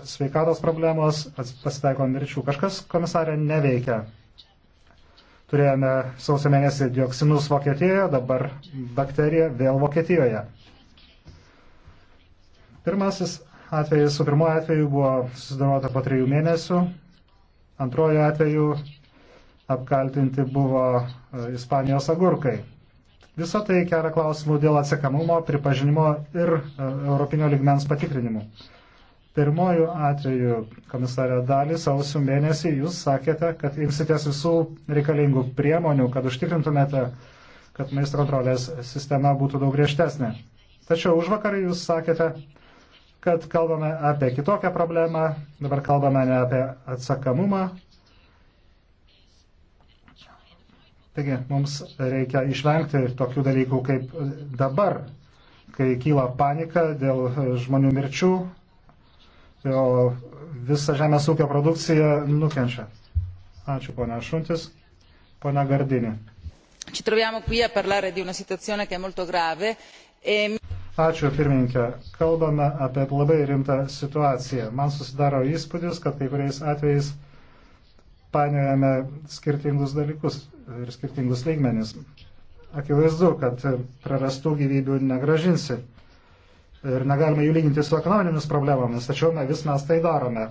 sveikatos problemos, pasitaiko mirčių. Kažkas komisarė neveikia. Turėjome sausio mėnesį dioksinus Vokietijoje, dabar bakterija vėl Vokietijoje. Pirmasis atvejis, su pirmoju atveju buvo susidarota po trijų mėnesių, antroju atveju apkaltinti buvo e, Ispanijos agurkai. Visą tai kelia klausimų dėl atsekamumo, pripažinimo ir e, Europinio ligmens patikrinimų. Pirmojų atveju, komisarė Dalis, sausio mėnesį jūs sakėte, kad imsitės visų reikalingų priemonių, kad užtikrintumėte, kad maisto kontrolės sistema būtų daug griežtesnė. Tačiau už vakarį jūs sakėte, kad kalbame apie kitokią problemą, dabar kalbame ne apie atsakamumą, Taigi mums reikia išvengti tokių dalykų kaip dabar, kai kyla panika dėl žmonių mirčių, o visa žemės ūkio produkcija nukenčia. Ačiū, ponia Šuntis. Pone Gardinė. Ci troviamo qui a parlare di una situazione che è molto grave. E... Ačiū, pirmininkė. Kalbame apie labai rimtą situaciją. Man susidaro įspūdis, kad kai kuriais atvejais painiojame skirtingus dalykus ir skirtingus lygmenis. Akivaizdu, kad prarastų gyvybių negražinsi ir negalime jų lyginti su ekonominėmis problemomis, tačiau vis mes tai darome.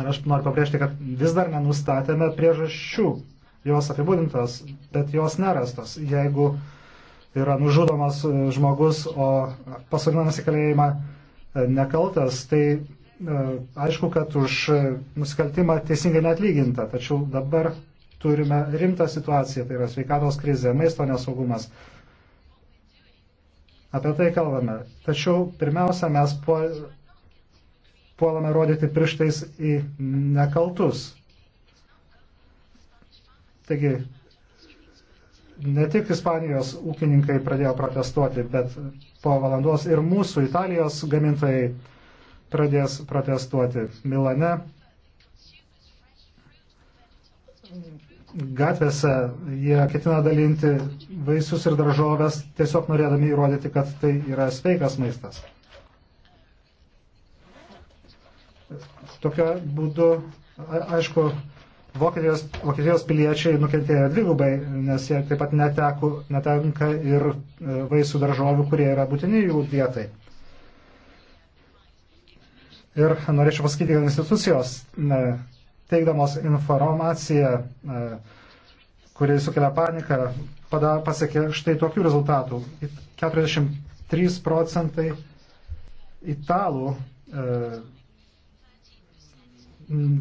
Ir aš noriu pabrėžti, kad vis dar nenustatėme priežasčių, jos apibūdintos, bet jos nerastos. Jeigu yra nužudomas žmogus, o pasodinamas į kalėjimą e, nekaltas, tai e, aišku, kad už nusikaltimą teisingai net lyginta, tačiau dabar turime rimtą situaciją, tai yra sveikatos krizė, maisto nesaugumas. Apie tai kalbame. Tačiau pirmiausia, mes puolame rodyti pirštais į nekaltus. Taigi, ne tik Ispanijos ūkininkai pradėjo protestuoti, bet po valandos ir mūsų Italijos gamintojai pradės protestuoti Milane gatvėse, jie ketina dalinti vaisius ir daržovės, tiesiog norėdami įrodyti, kad tai yra sveikas maistas. Tokiu būdu, aišku, Vokietijos, Vokietijos piliečiai nukentėjo dvigubai, nes jie taip pat neteku, netenka ir e, vaisių daržovių, kurie yra būtini jų dietai. Ir norėčiau pasakyti, kad institucijos ne, teikdamos informaciją, e, kuri sukelia paniką, pada, pasiekė štai tokių rezultatų. 43 procentai italų e,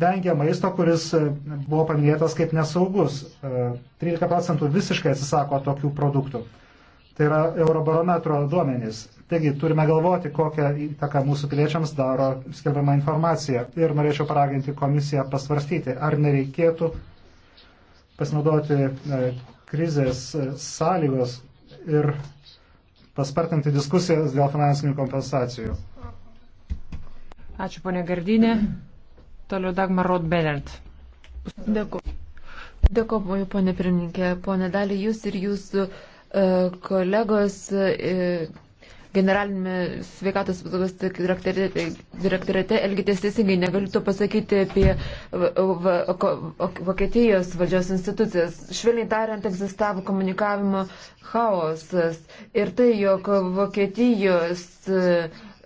vengia maisto, kuris e, buvo paminėtas kaip nesaugus. 13 procentų visiškai atsisako tokių produktų. Tai yra Eurobarometro duomenys. Taigi turime galvoti, kokią įtaką mūsų piliečiams daro skelbiama informacija. Ir norėčiau paraginti komisiją pasvarstyti, ar nereikėtų pasinaudoti e, krizės e, sąlygos ir paspartinti diskusijas dėl finansinių kompensacijų. Ačiū, ponė Gardinė. Toliau Dagmar Rodbenert. Dėkuoju. Dėkuoju, ponė pirmininkė. Ponė Dalį, jūs ir jūsų e, kolegos generalinėme sveikatos apsaugos direktorate elgitės teisingai. Negaliu to pasakyti apie Vokietijos valdžios institucijas. Švelniai tariant, egzistavo komunikavimo chaosas. Ir tai, jog Vokietijos e,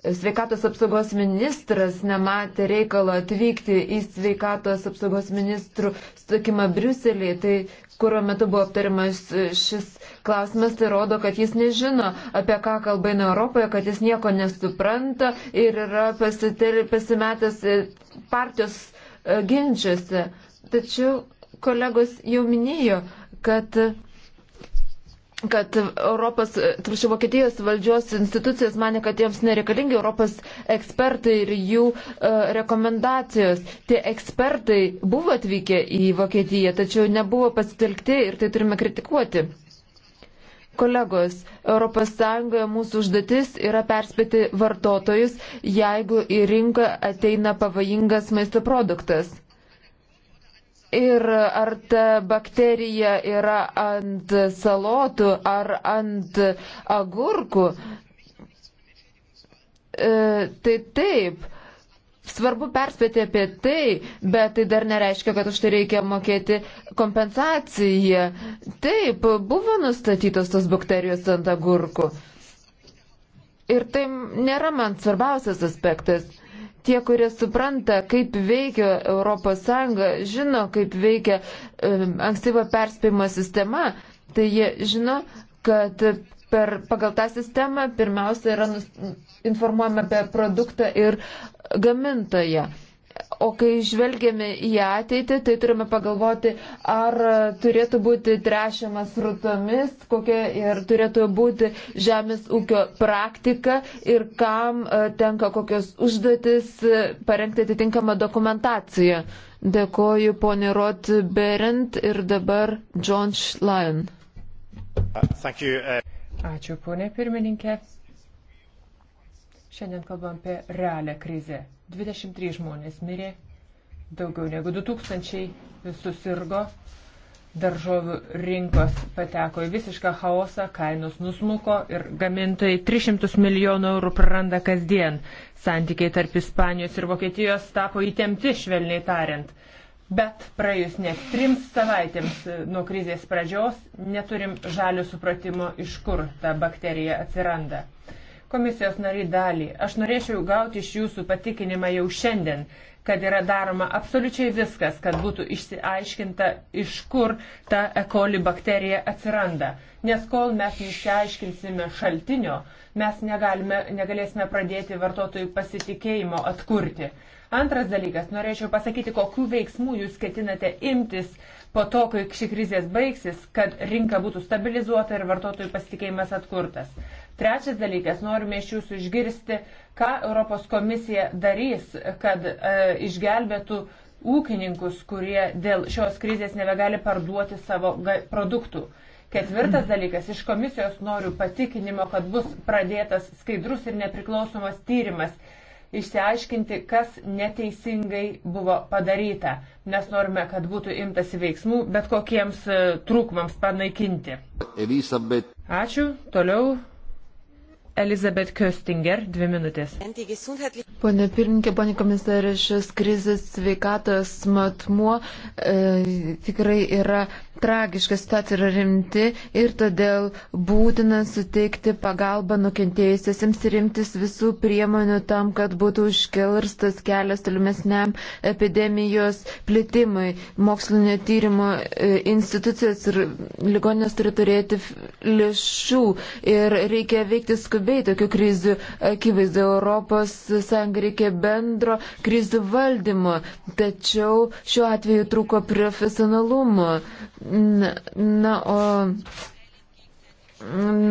sveikatos apsaugos ministras nematė reikalo atvykti į sveikatos apsaugos ministrų sutikimą Briuselį, tai kurio metu buvo aptarimas šis klausimas, tai rodo, kad jis nežino, apie ką kalba eina Europoje, kad jis nieko nesupranta ir yra pasimetęs e, partijos e, ginčiuose. Tačiau kolegos jau minėjo, kad kad Europos, atsiprašau, Vokietijos valdžios institucijos mane, kad jiems nereikalingi Europos ekspertai ir jų uh, rekomendacijos. Tie ekspertai buvo atvykę į Vokietiją, tačiau nebuvo pasitelkti ir tai turime kritikuoti. Kolegos, ES mūsų užduotis yra perspėti vartotojus, jeigu į rinką ateina pavojingas maisto produktas. Ir ar ta bakterija yra ant salotų ar ant agurkų? E, tai taip, svarbu perspėti apie tai, bet tai dar nereiškia, kad už tai reikia mokėti kompensaciją. Taip, buvo nustatytos tos bakterijos ant agurkų. Ir tai nėra man svarbiausias aspektas. Tie, kurie supranta, kaip veikia ES, žino, kaip veikia ankstyvo perspėjimo sistema, tai jie žino, kad per, pagal tą sistemą pirmiausia yra informuojama apie produktą ir gamintoją. O kai žvelgiame į ateitį, tai turime pagalvoti, ar turėtų būti trešiamas rutomis, kokia ir turėtų būti žemės ūkio praktika ir kam e, tenka kokios užduotis e, parengti atitinkamą dokumentaciją. Dėkoju poni Rot Berend ir dabar John Schlein. Uh, uh, Ačiū, ponė pirmininkė. Šiandien kalbam apie realią krizę. 23 žmonės mirė, daugiau negu 2000 susirgo, daržovių rinkos pateko į visišką chaosą, kainos nusmuko ir gamintojai 300 milijonų eurų praranda kasdien. Santykiai tarp Ispanijos ir Vokietijos tapo įtempti, švelniai tariant. Bet praėjus net trims savaitėms nuo krizės pradžios neturim žalio supratimo, iš kur ta bakterija atsiranda. Komisijos nariai dalį, aš norėčiau gauti iš jūsų patikinimą jau šiandien, kad yra daroma absoliučiai viskas, kad būtų išsiaiškinta, iš kur ta E. coli bakterija atsiranda. Nes kol mes išsiaiškinsime šaltinio, mes negalime, negalėsime pradėti vartotojų pasitikėjimo atkurti. Antras dalykas, norėčiau pasakyti, kokiu veiksmu jūs ketinate imtis po to, kai ši krizės baigsis, kad rinka būtų stabilizuota ir vartotojų pasitikėjimas atkurtas. Trečias dalykas, norime iš jūsų išgirsti, ką Europos komisija darys, kad e, išgelbėtų ūkininkus, kurie dėl šios krizės nebegali parduoti savo produktų. Ketvirtas dalykas, iš komisijos noriu patikinimo, kad bus pradėtas skaidrus ir nepriklausomas tyrimas, išsiaiškinti, kas neteisingai buvo padaryta. Mes norime, kad būtų imtasi veiksmų, bet kokiems e, trūkumams panaikinti. Elizabeth. Ačiū. Toliau Elizabeth Köstinger, dvi minutės. Pone pirmininkė, pone komisarė, šios krizės sveikatos matmuo e, tikrai yra tragiška, situacija yra rimti ir todėl būtina suteikti pagalbą nukentėjusiesiems ir rimtis visų priemonių tam, kad būtų užkirstas kelias tolimesniam epidemijos plitimui. Mokslinio tyrimo e, institucijos ir ligoninės turi turėti lėšų ir reikia veikti skubiai skubiai tokių krizių akivaizdu. Europos Sąjunga reikia bendro krizių valdymo, tačiau šiuo atveju trūko profesionalumo. Na, na, o...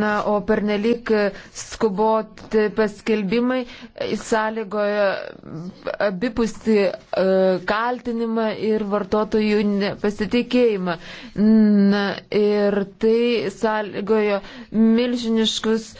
Na, o pernelyg skuboti paskelbimai sąlygojo abipusi e, kaltinimą ir vartotojų pasitikėjimą. Na, ir tai sąlygojo milžiniškus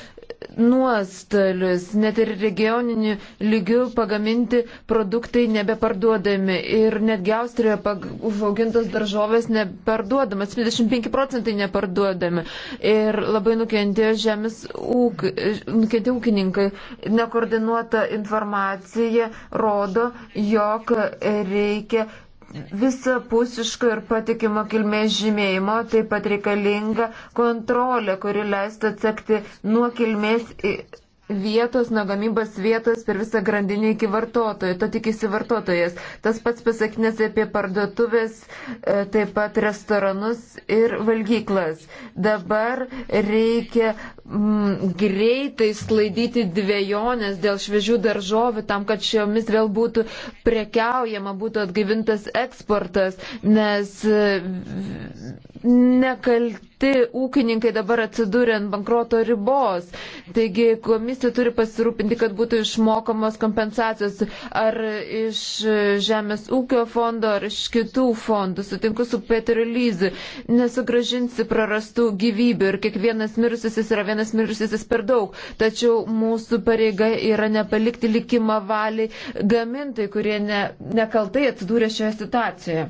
nuostolius, net ir regioninių lygių pagaminti produktai nebeparduodami ir netgi Austrijoje užaugintos daržovės neparduodamas, 25 procentai neparduodami ir labai nukentėjo žemės ūk, nukentėjo ūkininkai. Nekoordinuota informacija rodo, jog reikia visapusiško ir patikimo kilmės žymėjimo, taip pat reikalinga kontrolė, kuri leistų atsekti nuo kilmės vietos, nuo gamybos vietos per visą grandinį iki vartotojo. To tikisi vartotojas. Tas pats pasakinės apie parduotuvės, e, taip pat restoranus ir valgyklas. Dabar reikia mm, greitai sklaidyti dviejonės dėl šviežių daržovių, tam, kad šiomis vėl būtų prekiaujama, būtų atgaivintas eksportas, nes e, nekalti ūkininkai dabar atsidūrė ant bankroto ribos. Taigi, komis karalystė turi pasirūpinti, kad būtų išmokamos kompensacijos ar iš Žemės ūkio fondo, ar iš kitų fondų. Sutinku su Peteriu Lyzi, nesugražinsi prarastų gyvybių ir kiekvienas mirusysis yra vienas mirusysis per daug. Tačiau mūsų pareiga yra nepalikti likimą valiai gamintai, kurie ne, nekaltai atsidūrė šioje situacijoje.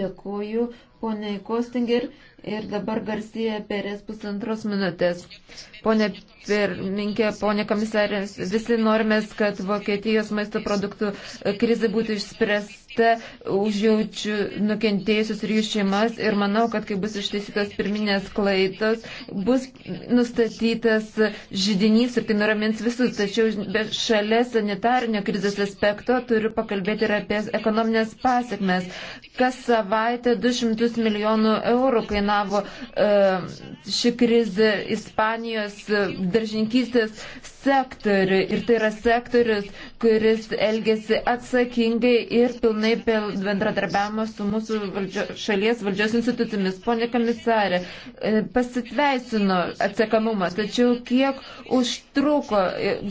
Dėkuoju, poniai Kostinger. Ir dabar Garcija perės pusantros minutės. Pone pirminkė, pone komisarė, visi norime, kad Vokietijos maisto produktų krizė būtų išspręsta, užjaučiu nukentėjusius ir jų šeimas ir manau, kad kai bus išteisytos pirminės klaidos, bus nustatytas žydinys ir tai nuramins visus. Tačiau šalia sanitarinio krizės aspekto turiu pakalbėti ir apie ekonominės pasiekmes kas savaitę 200 milijonų eurų kainavo e, ši krizė Ispanijos daržininkystės sektoriui. Ir tai yra sektorius, kuris elgesi atsakingai ir pilnai bendradarbiavimo su mūsų valdžio, šalies valdžios institucijomis. Pone komisarė, e, pasitveisino atsekamumas, tačiau kiek užtruko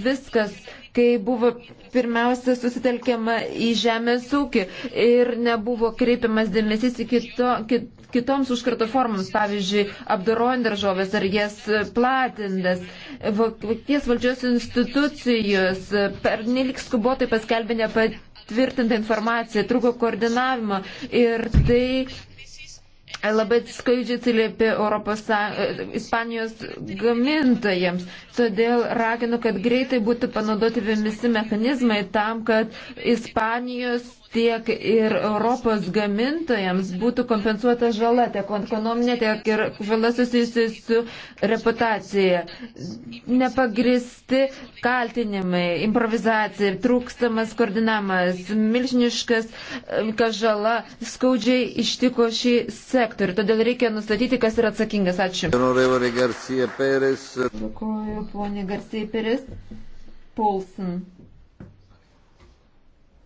viskas kai buvo pirmiausia susitelkiama į žemės ūkį ir nebuvo kreipiamas dėmesys į kito, kit, kitoms užkrato formams, pavyzdžiui, apdorojant daržovės ar jas platindas. Vokietijos valdžios institucijos per nelik skubotai paskelbė nepatvirtintą informaciją, trūko koordinavimą ir tai labai skaudžiai atsiliepė Europos, e, Ispanijos gamintojams. Todėl raginu, kad greitai būtų panaudoti visi mechanizmai tam, kad Ispanijos tiek ir Europos gamintojams būtų kompensuota žala, tiek ekonominė, tiek ir žala susijusi su reputacija. Nepagristi kaltinimai, improvizacija, trūkstamas koordinamas, milžiniškas e, žala skaudžiai ištiko šį sektorių. Todėl reikia nustatyti, kas yra atsakingas. Ačiū. Dėkuoju, ponė Garsiai Peris. Paulson.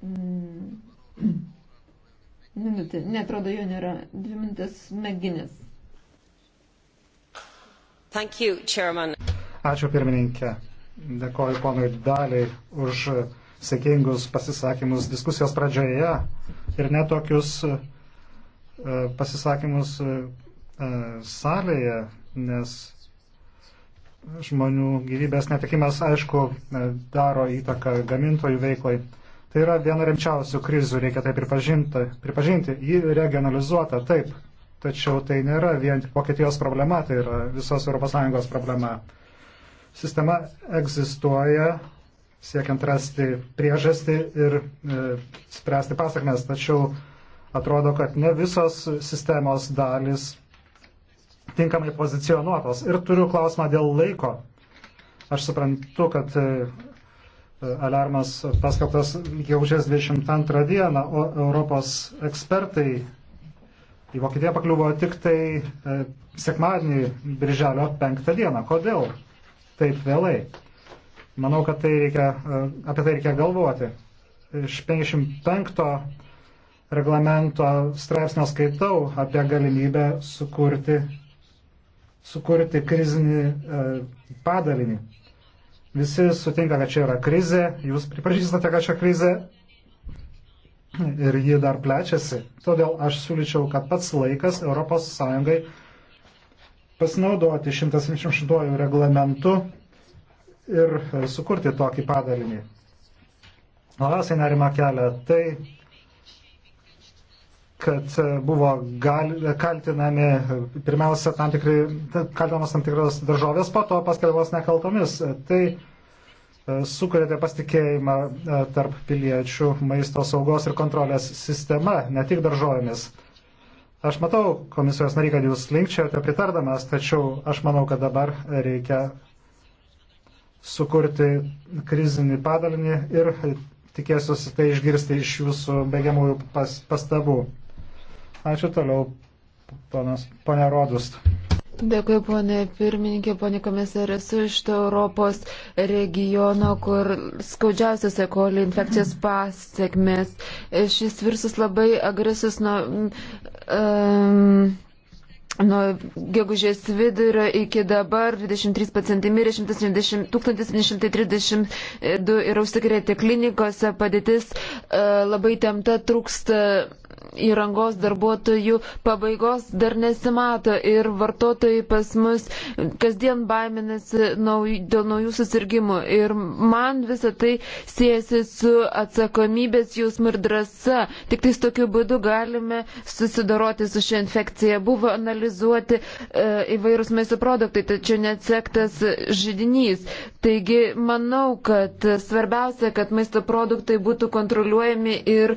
Mm. Minutė. Netrodo, jo nėra. Dvi minutės mėginės. Thank you, Chairman. Ačiū pirmininkė. Dėkoju ponui Daliai už sėkmingus pasisakymus diskusijos pradžioje ir netokius e, pasisakymus e, salėje, nes žmonių gyvybės netekimas, aišku, e, daro įtaką gamintojų veiklai. Tai yra viena rimčiausių krizių, reikia tai pripažinti. pripažinti. Ji regionalizuota, taip, tačiau tai nėra vien Vokietijos problema, tai yra visos ES problema. Sistema egzistuoja siekiant rasti priežastį ir e, spręsti pasakmes, tačiau atrodo, kad ne visos sistemos dalis tinkamai pozicionuotos. Ir turiu klausimą dėl laiko. Aš suprantu, kad e, alarmas paskelbtas gegužės 22 dieną, o Europos ekspertai į Vokietiją pakliuvo tik tai e, sekmadienį, birželio 5 dieną. Kodėl taip vėlai? Manau, kad tai reikia, e, apie tai reikia galvoti. Iš 55 reglamento straipsnio skaitau apie galimybę sukurti, sukurti krizinį e, padalinį. Visi sutinka, kad čia yra krizė, jūs pripažįstate, kad čia krizė ir ji dar plečiasi. Todėl aš siūlyčiau, kad pats laikas ES pasinaudoti 178 reglamentu ir sukurti tokį padalinį. Labiausiai nerima kelia tai, kad e, buvo gal, kaltinami e, pirmiausia tam tikri, kaltinamos tam tikros daržovės, po to paskelbos nekaltomis. E, tai sukuriate pasitikėjimą tarp piliečių maisto saugos ir kontrolės sistema, ne tik daržovėmis. Aš matau, komisijos nariai, kad jūs linkčiojate pritardamas, tačiau aš manau, kad dabar reikia sukurti krizinį padalinį ir tikėsiuosi tai išgirsti iš jūsų baigiamųjų pas, pastabų. Ačiū toliau, ponas, ponia Rodus. Dėkui, ponė pirmininkė, ponė komisarė, esu iš Europos regiono, kur skaudžiausias ekoli infekcijos pasiekmes. Šis virusas labai agresus nuo. Um, Nuo gegužės vidurio iki dabar 23 pacientai mirė, 1732 yra užsikrėtę klinikose, padėtis e, labai temta, trūksta įrangos darbuotojų pabaigos dar nesimato ir vartotojai pas mus kasdien baiminasi nauj, dėl naujų susirgymų. Ir man visą tai siejasi su atsakomybės jausmu ir drąsa. Tik tais tokiu būdu galime susidoroti su šia infekcija. Buvo analizuoti e, įvairūs maisto produktai, tačiau neatsektas žydinys. Taigi manau, kad svarbiausia, kad maisto produktai būtų kontroliuojami ir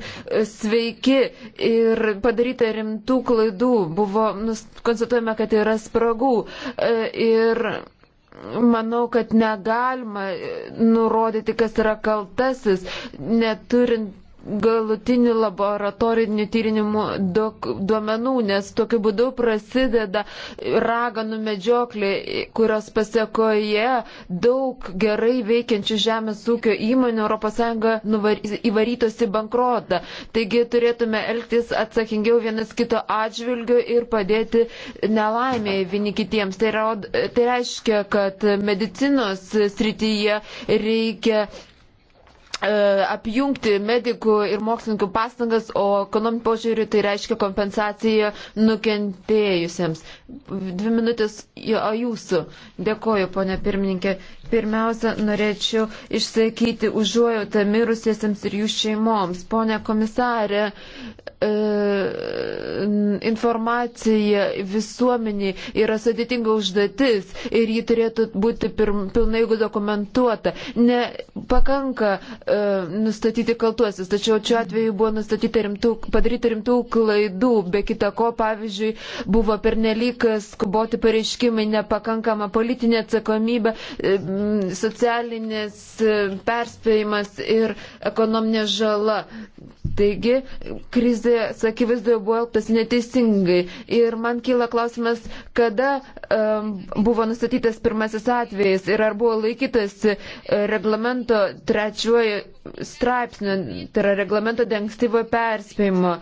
sveiki ir padaryta rimtų klaidų. Buvo, nu, konstatuojame, kad yra spragų. E, ir manau, kad negalima e, nurodyti, kas yra kaltasis, neturint galutinių laboratorinių tyrinimų duomenų, nes tokiu būdu prasideda raganų medžioklė, kurios pasiekoje daug gerai veikiančių žemės ūkio įmonių ES įvarytos į bankrotą. Taigi turėtume elgtis atsakingiau vienas kito atžvilgiu ir padėti nelaimėjai vieni kitiems. Tai, raud, tai reiškia, kad medicinos srityje reikia E, apjungti medikų ir mokslininkų pastangas, o ekonominių požiūrių tai reiškia kompensaciją nukentėjusiems. Dvi minutės jūsų. Dėkoju, ponė pirmininkė. Pirmiausia, norėčiau išsakyti užuojautą mirusiesiems ir jų šeimoms. Pone komisarė, e, informacija visuomeniai yra sudėtinga užduotis ir ji turėtų būti pirm, pilnai dokumentuota. Nepakanka e, nustatyti kaltuosius, tačiau čia atveju buvo nustatyta rimtų, padaryta rimtų klaidų, be kita ko, pavyzdžiui, buvo pernelyg skuboti pareiškimai, nepakankama politinė atsakomybė. E, socialinis e, perspėjimas ir ekonominė žala. Taigi, krizė, akivaizdu, buvo elgtas neteisingai. Ir man kyla klausimas, kada um, buvo nustatytas pirmasis atvejis ir ar buvo laikytasi e, reglamento trečiuoju straipsniu, tai yra reglamento dėngstyvo perspėjimo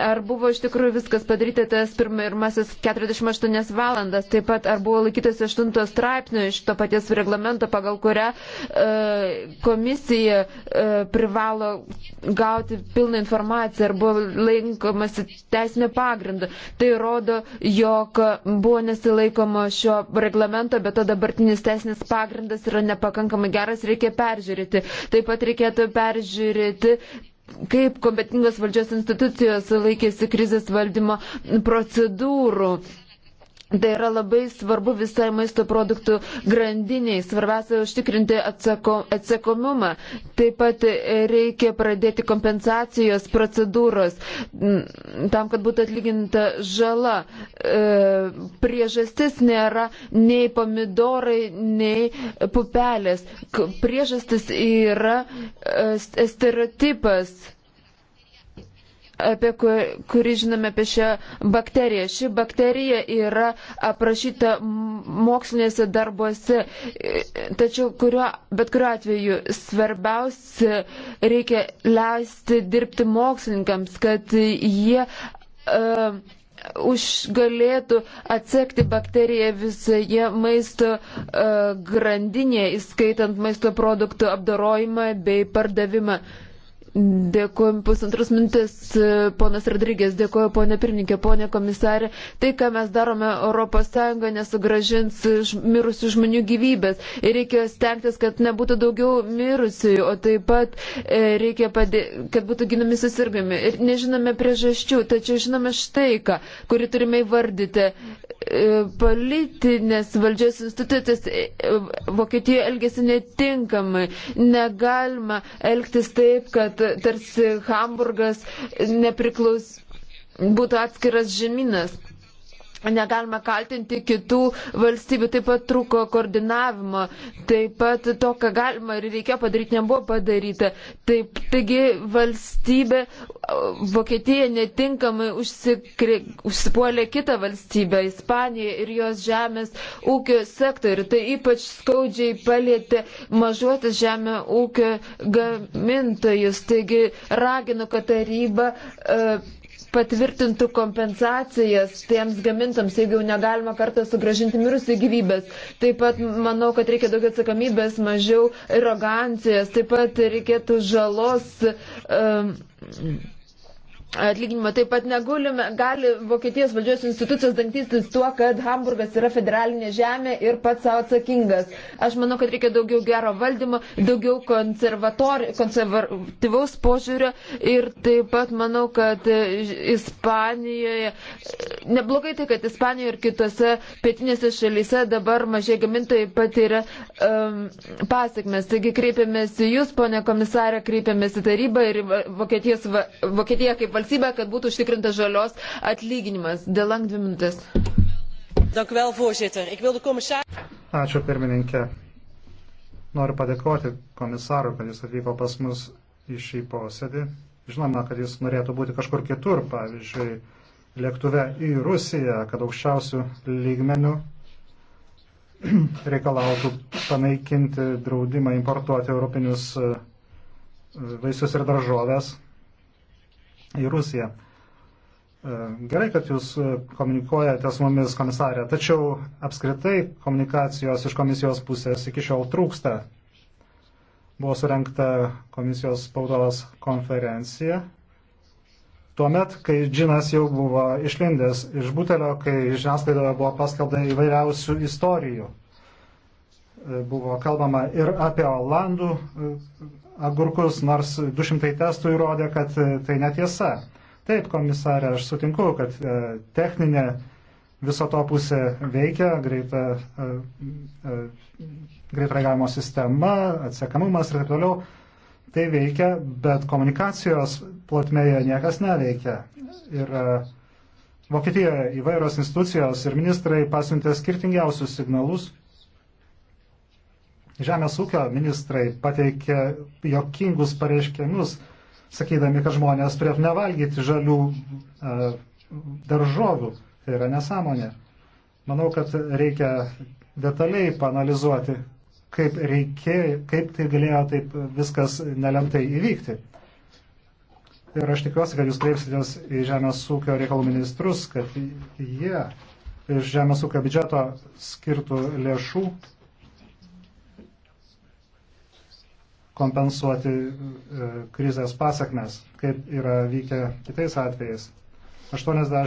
ar buvo iš tikrųjų viskas padaryta tas pirmasis 48 valandas, taip pat ar buvo laikytas 8 straipsnio iš to paties reglamento, pagal kurią e, komisija e, privalo gauti pilną informaciją, ar buvo laikomasi teisinio pagrindo. Tai rodo, jog buvo nesilaikoma šio reglamento, bet to dabartinis teisinis pagrindas yra nepakankamai geras, reikia peržiūrėti. Taip pat reikėtų peržiūrėti kaip kompetingos valdžios institucijos laikėsi krizės valdymo procedūrų. Tai yra labai svarbu visai maisto produktų grandiniai. Svarbiausia užtikrinti atsako, atsakomumą. Taip pat reikia pradėti kompensacijos procedūros tam, kad būtų atlyginta žala. E, priežastis nėra nei pomidorai, nei pupelės. Priežastis yra e, stereotipas apie kurį žinome apie šią bakteriją. Ši bakterija yra aprašyta mokslinėse darbuose, tačiau kurio, bet kuriuo atveju svarbiausia reikia leisti dirbti mokslininkams, kad jie uh, už galėtų atsekti bakteriją visoje maisto uh, grandinėje, įskaitant maisto produktų apdarojimą bei pardavimą. Uh, Dėkuoju, pusantros mintis, ponas Rodrygės, dėkuoju, ponė pirmininkė, ponė komisarė. Tai, ką mes darome ES, nesugražins mirusių žmonių gyvybės. Ir reikia stengtis, kad nebūtų daugiau mirusiųjų, o taip pat e, reikia, padė... kad būtų ginami susirgami. Ir nežinome priežasčių, tačiau žinome štai ką, kurį turime įvardyti. E, politinės valdžios institucijas e, e, Vokietijoje elgesi netinkamai. Negalima elgtis taip, kad tarsi Hamburgas nepriklaus būtų atskiras žemynas. Negalima kaltinti kitų valstybių, taip pat trūko koordinavimo, taip pat to, ką galima ir reikia padaryti, nebuvo padaryta. Taip, taigi valstybė, Vokietija netinkamai užsikri, užsipuolė kitą valstybę, Ispaniją ir jos žemės ūkio sektorių. Tai ypač skaudžiai palėtė mažuotis žemė ūkio gamintojus. Taigi raginu, kad taryba. Uh, patvirtintų kompensacijas tiems gamintams, jeigu jau negalima kartą sugražinti mirusių gyvybės. Taip pat manau, kad reikia daugiau atsakomybės, mažiau arogancijos, taip pat reikėtų žalos. Um, atlyginimo. Taip pat negulime, gali Vokietijos valdžios institucijos dangtytis tuo, kad Hamburgas yra federalinė žemė ir pats savo atsakingas. Aš manau, kad reikia daugiau gero valdymo, daugiau konservatyvaus požiūrio ir taip pat manau, kad Ispanijoje, neblogai tai, kad Ispanijoje ir kitose pietinėse šalyse dabar mažai gamintojai patiria um, pasiekmes. Taigi kreipiamės į Jūs, ponė komisarė, kreipiamės į tarybą ir Vokietijos, Vokietija kaip valstybė valstybę, kad būtų užtikrintas žalios atlyginimas. Dėl lang dvi minutės. Ačiū pirmininkė. Noriu padėkoti komisarui, kad jis atvyko pas mus į šį posėdį. Žinoma, kad jis norėtų būti kažkur kitur, pavyzdžiui, lėktuve į Rusiją, kad aukščiausių lygmenių reikalautų panaikinti draudimą importuoti europinius vaisius ir daržovės į Rusiją. E, gerai, kad jūs komunikuojate su mumis, komisarė, tačiau apskritai komunikacijos iš komisijos pusės iki šiol trūksta. Buvo surinkta komisijos spaudos konferencija. Tuomet, kai džinas jau buvo išlindęs iš butelio, kai žiniasklaidoje buvo paskelbta įvairiausių istorijų e, buvo kalbama ir apie Olandų e, agurkus, nors 200 testų įrodė, kad e, tai netiesa. Taip, komisarė, aš sutinku, kad e, techninė viso to pusė veikia, greita, e, greit reagavimo sistema, atsiekamumas ir taip toliau. Tai veikia, bet komunikacijos plotmėje niekas neveikia. Ir Vokietijoje įvairios institucijos ir ministrai pasiuntė skirtingiausius signalus Žemės ūkio ministrai pateikė jokingus pareiškimus, sakydami, kad žmonės turėtų nevalgyti žalių e, daržovių. Tai yra nesąmonė. Manau, kad reikia detaliai panalizuoti, kaip, reikė, kaip tai galėjo taip viskas nelemtai įvykti. Ir aš tikiuosi, kad jūs kreipsitės į Žemės ūkio reikalų ministrus, kad jie iš Žemės ūkio biudžeto skirtų lėšų kompensuoti e, krizės pasakmes, kaip yra vykę kitais atvejais. 80 e,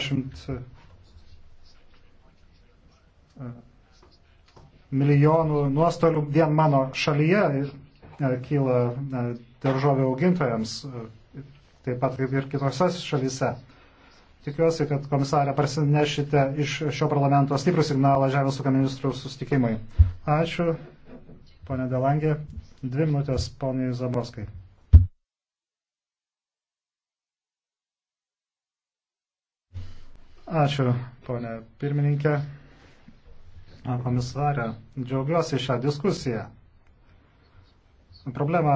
milijonų nuostolių vien mano šalyje e, kyla daržovių augintojams, taip pat kaip ir kitose šalyse. Tikiuosi, kad komisarė prasinešite iš šio parlamento stiprų signalą Žemės ūkio ministrų sustikimui. Ačiū, ponė Delangė. Dvi minutės poniai Zaborskai. Ačiū, ponė pirmininkė. Komisarė, džiaugiuosi šią diskusiją. Problemą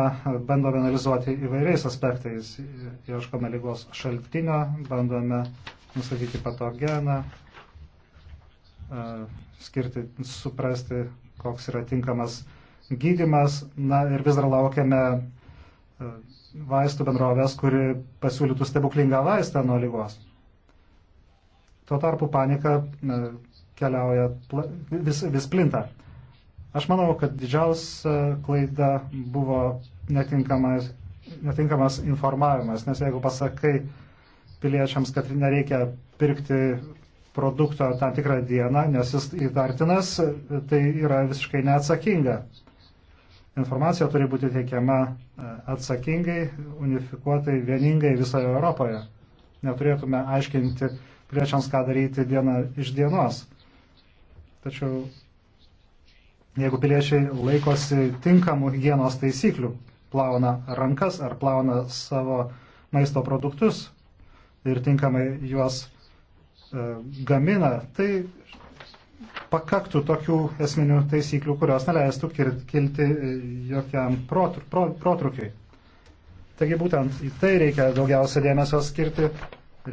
bandome analizuoti įvairiais aspektais. Ieškome lygos šaltinio, bandome nustatyti patogeną, skirti, suprasti, koks yra tinkamas gydimas. Na ir vis dar laukiame e, vaistų bendrovės, kuri pasiūlytų stebuklingą vaistą nuo lygos. Tuo tarpu panika e, keliauja vis, vis plinta. Aš manau, kad didžiausia klaida buvo netinkamas, netinkamas informavimas, nes jeigu pasakai piliečiams, kad nereikia pirkti produkto tam tikrą dieną, nes jis įtartinas, tai yra visiškai neatsakinga. Informacija turi būti teikiama e, atsakingai, unifikuotai, vieningai visoje Europoje. Neturėtume aiškinti piliečiams, ką daryti dieną iš dienos. Tačiau jeigu piliečiai laikosi tinkamų hygienos taisyklių, plauna rankas ar plauna savo maisto produktus ir tinkamai juos e, gamina, tai pakaktų tokių esminių taisyklių, kurios neleistų kilti e, jokiam protru, pro, protrukiai. Taigi būtent į tai reikia daugiausia dėmesio skirti,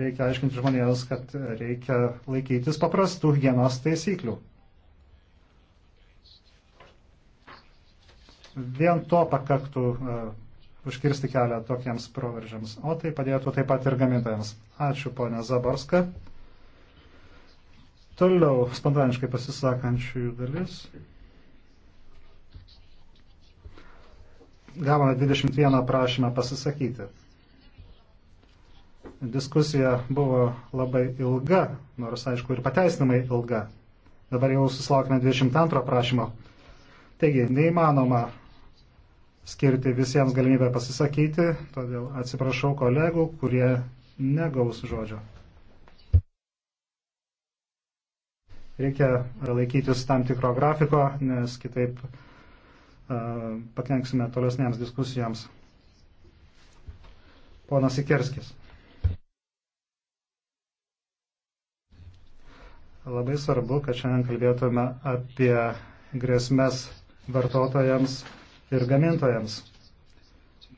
reikia aiškinti žmonėms, kad reikia laikytis paprastų hygienos taisyklių. Vien to pakaktų uh, užkirsti kelią tokiems proveržiams, o tai padėtų taip pat ir gamintojams. Ačiū, ponė Zaborska. Toliau spontaniškai pasisakančiųjų dalis. Gavome 21 prašymą pasisakyti. Diskusija buvo labai ilga, nors aišku ir pateisinamai ilga. Dabar jau susilaukime 22 prašymo. Taigi, neįmanoma skirti visiems galimybę pasisakyti, todėl atsiprašau kolegų, kurie negaus žodžio. Reikia e, laikytis tam tikro grafiko, nes kitaip e, pakenksime tolesnėms diskusijoms. Ponas Ikerskis. Labai svarbu, kad šiandien kalbėtume apie grėsmės vartotojams ir gamintojams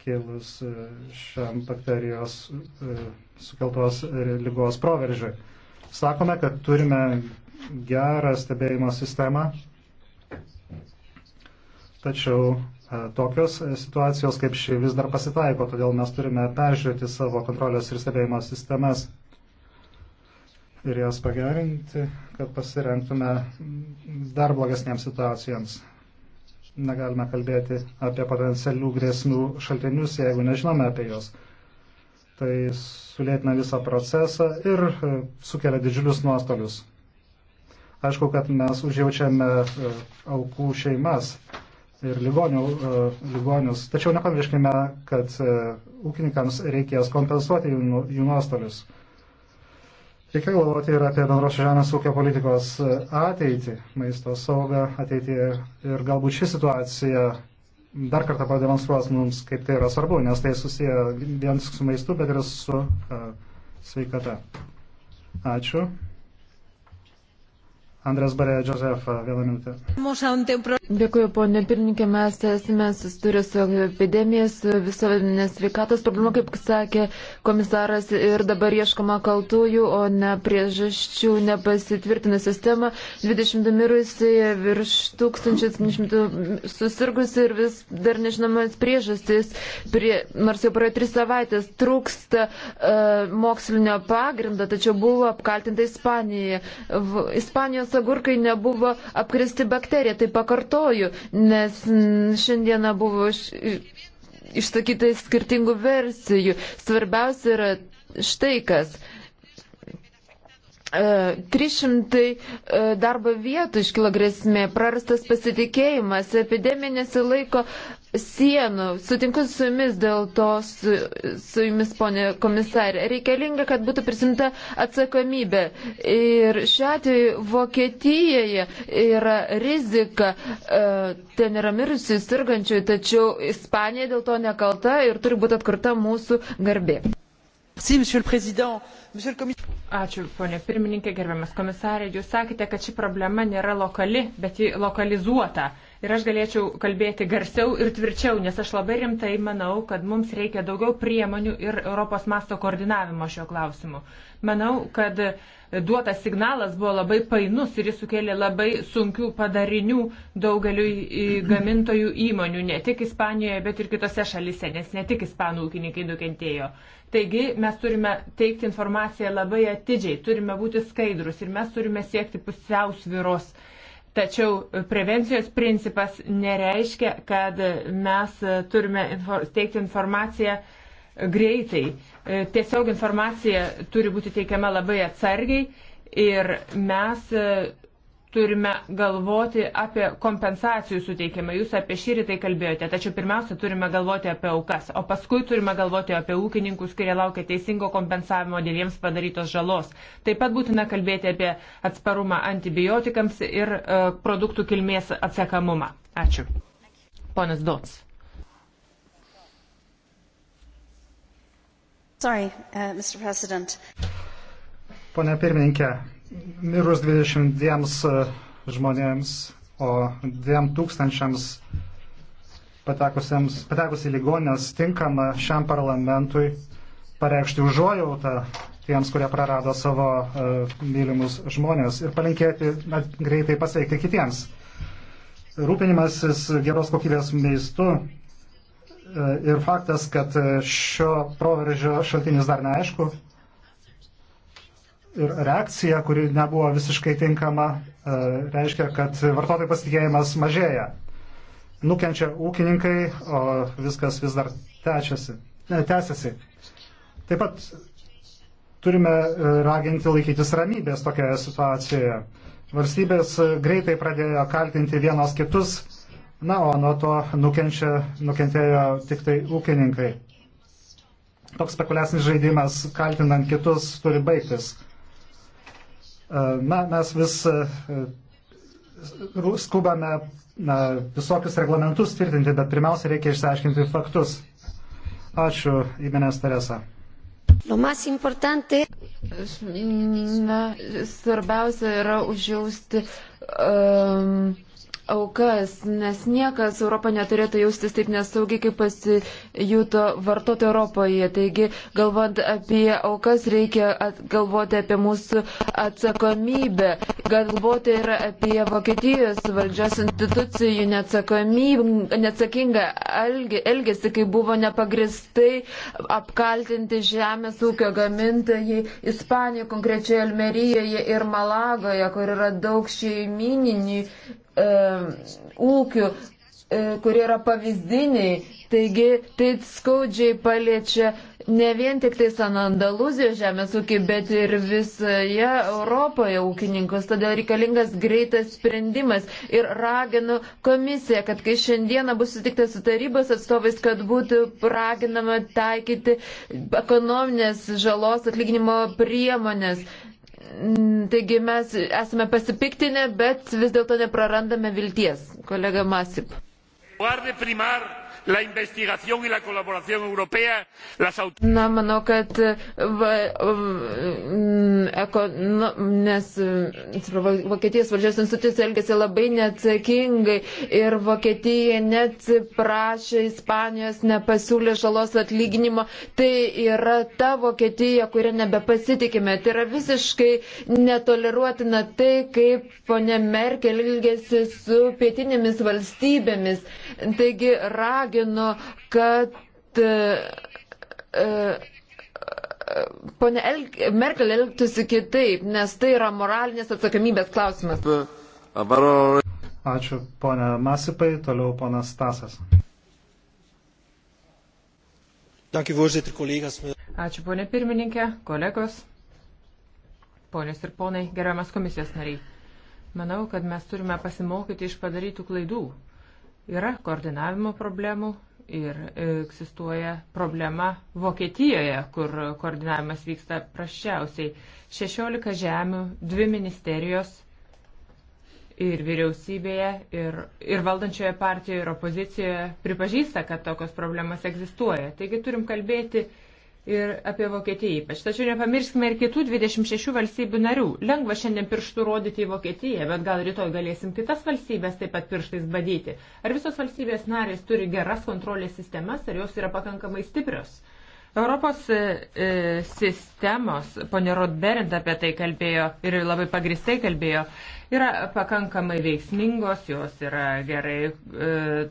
kilus e, šiam bakterijos sukeltos lygos proveržiui. Sakome, kad turime gerą stebėjimo sistemą, tačiau e, tokios situacijos kaip ši vis dar pasitaiko, todėl mes turime peržiūrėti savo kontrolės ir stebėjimo sistemas ir jas pagerinti, kad pasirengtume dar blogesniems situacijoms. Negalime kalbėti apie potencialių grėsmių šaltinius, jeigu nežinome apie juos. Tai sulėtina visą procesą ir e, sukelia didžiulius nuostolius. Aišku, kad mes užjaučiame e, aukų šeimas ir ligonių, e, ligonius, tačiau nepamirškime, kad e, ūkininkams reikės kompensuoti jų, nu-, jų nuostolius. Reikia galvoti ir apie bendros žemės ūkio politikos ateitį, maisto saugą ateitį ir galbūt ši situacija dar kartą pademonstruos mums, kaip tai yra svarbu, nes tai susiję vien su maistu, bet ir su uh, sveikata. Ačiū. Andres Barė Josefa, vieną minutę. Dėkuoju, ponė pirmininkė, mes esame susidūrę su epidemija, su visuomenės sveikatos problema, kaip sakė komisaras, ir dabar ieškoma kaltųjų, o ne priežasčių nepasitvirtina sistema. 20 mirusi, virš 1700 susirgusi ir vis dar nežinomas priežastis, prie, nors jau praėjo tris savaitės, trūksta uh, mokslinio pagrindo, tačiau buvo apkaltinta Ispanija. V, Ispanijos agurkai nebuvo apkristi bakterija. Tai pakartoju, nes šiandieną buvo išsakytai skirtingų versijų. Svarbiausia yra štai kas. 300 e, e, darbo vietų iškilo grėsmė, prarastas pasitikėjimas, epideminėse laiko sienų. Sutinku su jumis dėl to, su, su jumis, ponė komisarė. Reikalinga, kad būtų prisimta atsakomybė. Ir šiuo atveju Vokietijoje yra rizika, e, ten yra mirusių, sirgančių, tačiau Ispanija dėl to nekalta ir turi būti atkurta mūsų garbė. Ačiū, ponė pirmininkė, gerbiamas komisarė. Jūs sakėte, kad ši problema nėra lokali, bet ji lokalizuota. Ir aš galėčiau kalbėti garsiau ir tvirčiau, nes aš labai rimtai manau, kad mums reikia daugiau priemonių ir Europos masto koordinavimo šio klausimu. Manau, kad duotas signalas buvo labai painus ir jis sukėlė labai sunkių padarinių daugeliu gamintojų įmonių, ne tik Ispanijoje, bet ir kitose šalise, nes ne tik ispanų ūkininkai nukentėjo. Taigi mes turime teikti informaciją labai atidžiai, turime būti skaidrus ir mes turime siekti pusiausviros. Tačiau prevencijos principas nereiškia, kad mes turime teikti informaciją greitai. Tiesiog informacija turi būti teikiama labai atsargiai ir mes turime galvoti apie kompensacijų suteikimą. Jūs apie šį rytą tai kalbėjote, tačiau pirmiausia turime galvoti apie aukas, o paskui turime galvoti apie ūkininkus, kurie laukia teisingo kompensavimo dėl jiems padarytos žalos. Taip pat būtina kalbėti apie atsparumą antibiotikams ir e, produktų kilmės atsekamumą. Ačiū. Ponas Dots. Sorry, uh, Mr. President. Pone pirmininkė, mirus 22 e, žmonėms, o 2000 patekus į ligonės tinkama šiam parlamentui pareikšti užuojautą tiems, kurie prarado savo uh, mylimus žmonės ir palinkėti na, greitai pasveikti kitiems. Rūpinimasis geros kokybės maistu uh, ir faktas, kad šio proveržio šaltinis dar neaišku, ir reakcija, kuri nebuvo visiškai tinkama, e, reiškia, kad vartotojų pasitikėjimas mažėja. Nukenčia ūkininkai, o viskas vis dar tečiasi, ne, tęsiasi. Taip pat turime e, raginti laikytis ramybės tokioje situacijoje. Valstybės greitai pradėjo kaltinti vienos kitus, na, o nuo to nukenčia, nukentėjo tik tai ūkininkai. Toks spekuliacinis žaidimas, kaltinant kitus, turi baigtis. E, na, mes vis e, e, skubame na, visokius reglamentus tvirtinti, bet pirmiausia reikia išsiaiškinti faktus. Ačiū, įmenės Teresa. Lo más importante. Na, svarbiausia yra užjausti um, aukas, nes niekas Europą neturėtų jaustis taip nesaugiai, kaip pasijuto vartoti Europoje. Taigi, galvant apie aukas, reikia galvoti apie mūsų atsakomybę, galvoti ir apie Vokietijos valdžios institucijų neatsakingą elgesį, kai buvo nepagristai apkaltinti žemės ūkio gamintojai Ispanijoje, konkrečiai Almerijoje ir Malagoje, kur yra daug šeimininių E, ūkių, e, kurie yra pavyzdiniai. Taigi tai skaudžiai paliečia ne vien tik tai San Andaluzijos žemės ūkį, bet ir visoje Europoje ūkininkus. Todėl reikalingas greitas sprendimas. Ir raginu komisiją, kad kai šiandieną bus sutikta su tarybos atstovais, kad būtų raginama taikyti ekonominės žalos atlyginimo priemonės. Taigi mes esame pasipiktinę, bet vis dėlto neprarandame vilties. Kolega Masip. Guarde primar la investigación y la colaboración europea, las autoridades. Na, manau, kad va, eko, nu, nes, Vokietijos valdžios institucijos elgėsi labai neatsakingai ir Vokietija net prašė Ispanijos nepasiūlė žalos atlyginimo. Tai yra ta Vokietija, kurią nebepasitikime. Tai yra visiškai netoleruotina tai, kaip ponė Merkel elgėsi su pietinėmis valstybėmis. Taigi, ragi raginu, kad. Uh, e, e, Pone El Merkel elgtųsi kitaip, nes tai yra moralinės atsakomybės klausimas. Ačiū, ponė Masipai, toliau ponas Tasas. Ačiū, ponė pirmininkė, kolegos, ponės ir ponai, gerbiamas komisijos nariai. Manau, kad mes turime pasimokyti iš padarytų klaidų Yra koordinavimo problemų ir egzistuoja problema Vokietijoje, kur koordinavimas vyksta praščiausiai. 16 žemių, 2 ministerijos ir vyriausybėje, ir, ir valdančioje partijoje, ir opozicijoje pripažįsta, kad tokios problemas egzistuoja. Taigi turim kalbėti ir apie Vokietiją ypač. Tačiau nepamirškime ir kitų 26 valstybių narių. Lengva šiandien pirštų rodyti į Vokietiją, bet gal rytoj galėsim kitas valstybės taip pat pirštais badyti. Ar visos valstybės narės turi geras kontrolės sistemas, ar jos yra pakankamai stiprios? Europos e, e sistemos, ponė Rodberint apie tai kalbėjo ir labai pagristai kalbėjo, yra pakankamai veiksmingos, jos yra gerai e,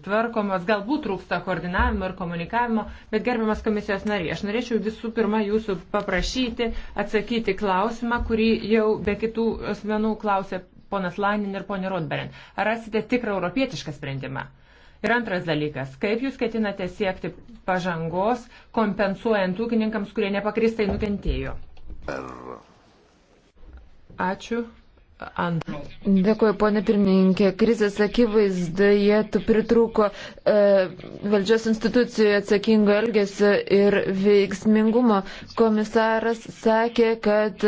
tvarkomos, galbūt trūksta koordinavimo ir komunikavimo, bet gerbiamas komisijos nariai, aš norėčiau visų pirma jūsų paprašyti atsakyti klausimą, kurį jau be kitų asmenų klausė ponas Lanin ir ponė Rodberin. Ar rasite tikrą europietišką sprendimą? Ir antras dalykas, kaip jūs ketinate siekti pažangos, kompensuojant ūkininkams, kurie nepakristai nukentėjo? Ačiū ant. Dėkuoju, ponė pirmininkė. Krizės akivaizdoje tu pritruko e, valdžios institucijų atsakingo elgesio ir veiksmingumo. Komisaras sakė, kad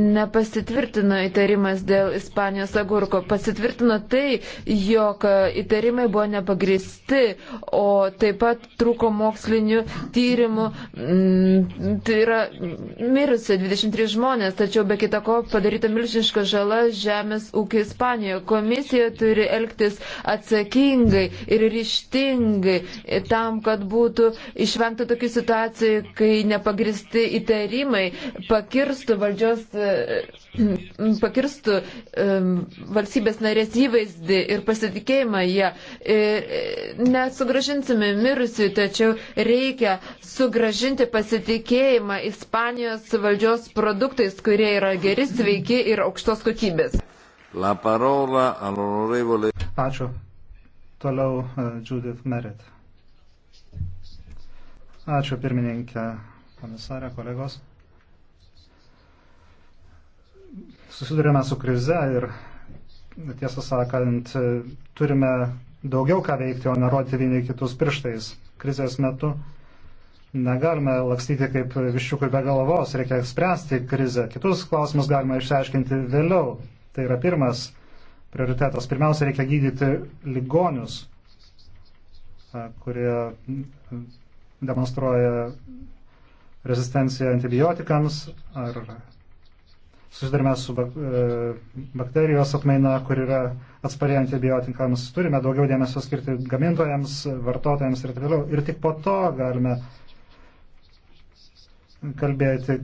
nepasitvirtino įtarimas dėl Ispanijos agurko. Pasitvirtino tai, jog įtarimai buvo nepagristi, o taip pat trūko mokslinių tyrimų. Mm, tai yra mirusi 23 žmonės, tačiau be kitako padaryta milžiniška žala žala žemės ūkio Ispanijoje. Komisija turi elgtis atsakingai ir ryštingai tam, kad būtų išvengta tokių situacijų, kai nepagristi įtarimai pakirstų valdžios pakirstų um, valstybės narės įvaizdį ir pasitikėjimą jie. Ir, e, nesugražinsime mirusių, tačiau reikia sugražinti pasitikėjimą Ispanijos valdžios produktais, kurie yra geri, sveiki ir aukštos kokybės valstybės. La parola all'onorevole. Ačiū. Toliau uh, Judith Merit. Ačiū pirmininkė, komisarė, kolegos. Susidurėme su krize ir tiesą sakant, turime daugiau ką veikti, o nerodyti vieni kitus pirštais. Krizės metu Negalime lakstyti kaip viščiukai be galvos, reikia spręsti krizę. Kitus klausimus galima išsiaiškinti vėliau. Tai yra pirmas prioritetas. Pirmiausia, reikia gydyti ligonius, kurie demonstruoja rezistenciją antibiotikams ar susidurime su bak, e, bakterijos atmaina, kur yra atspari antibiotikams. Turime daugiau dėmesio skirti gamintojams, vartotojams ir taip toliau. Ir tik po to galime kalbėti,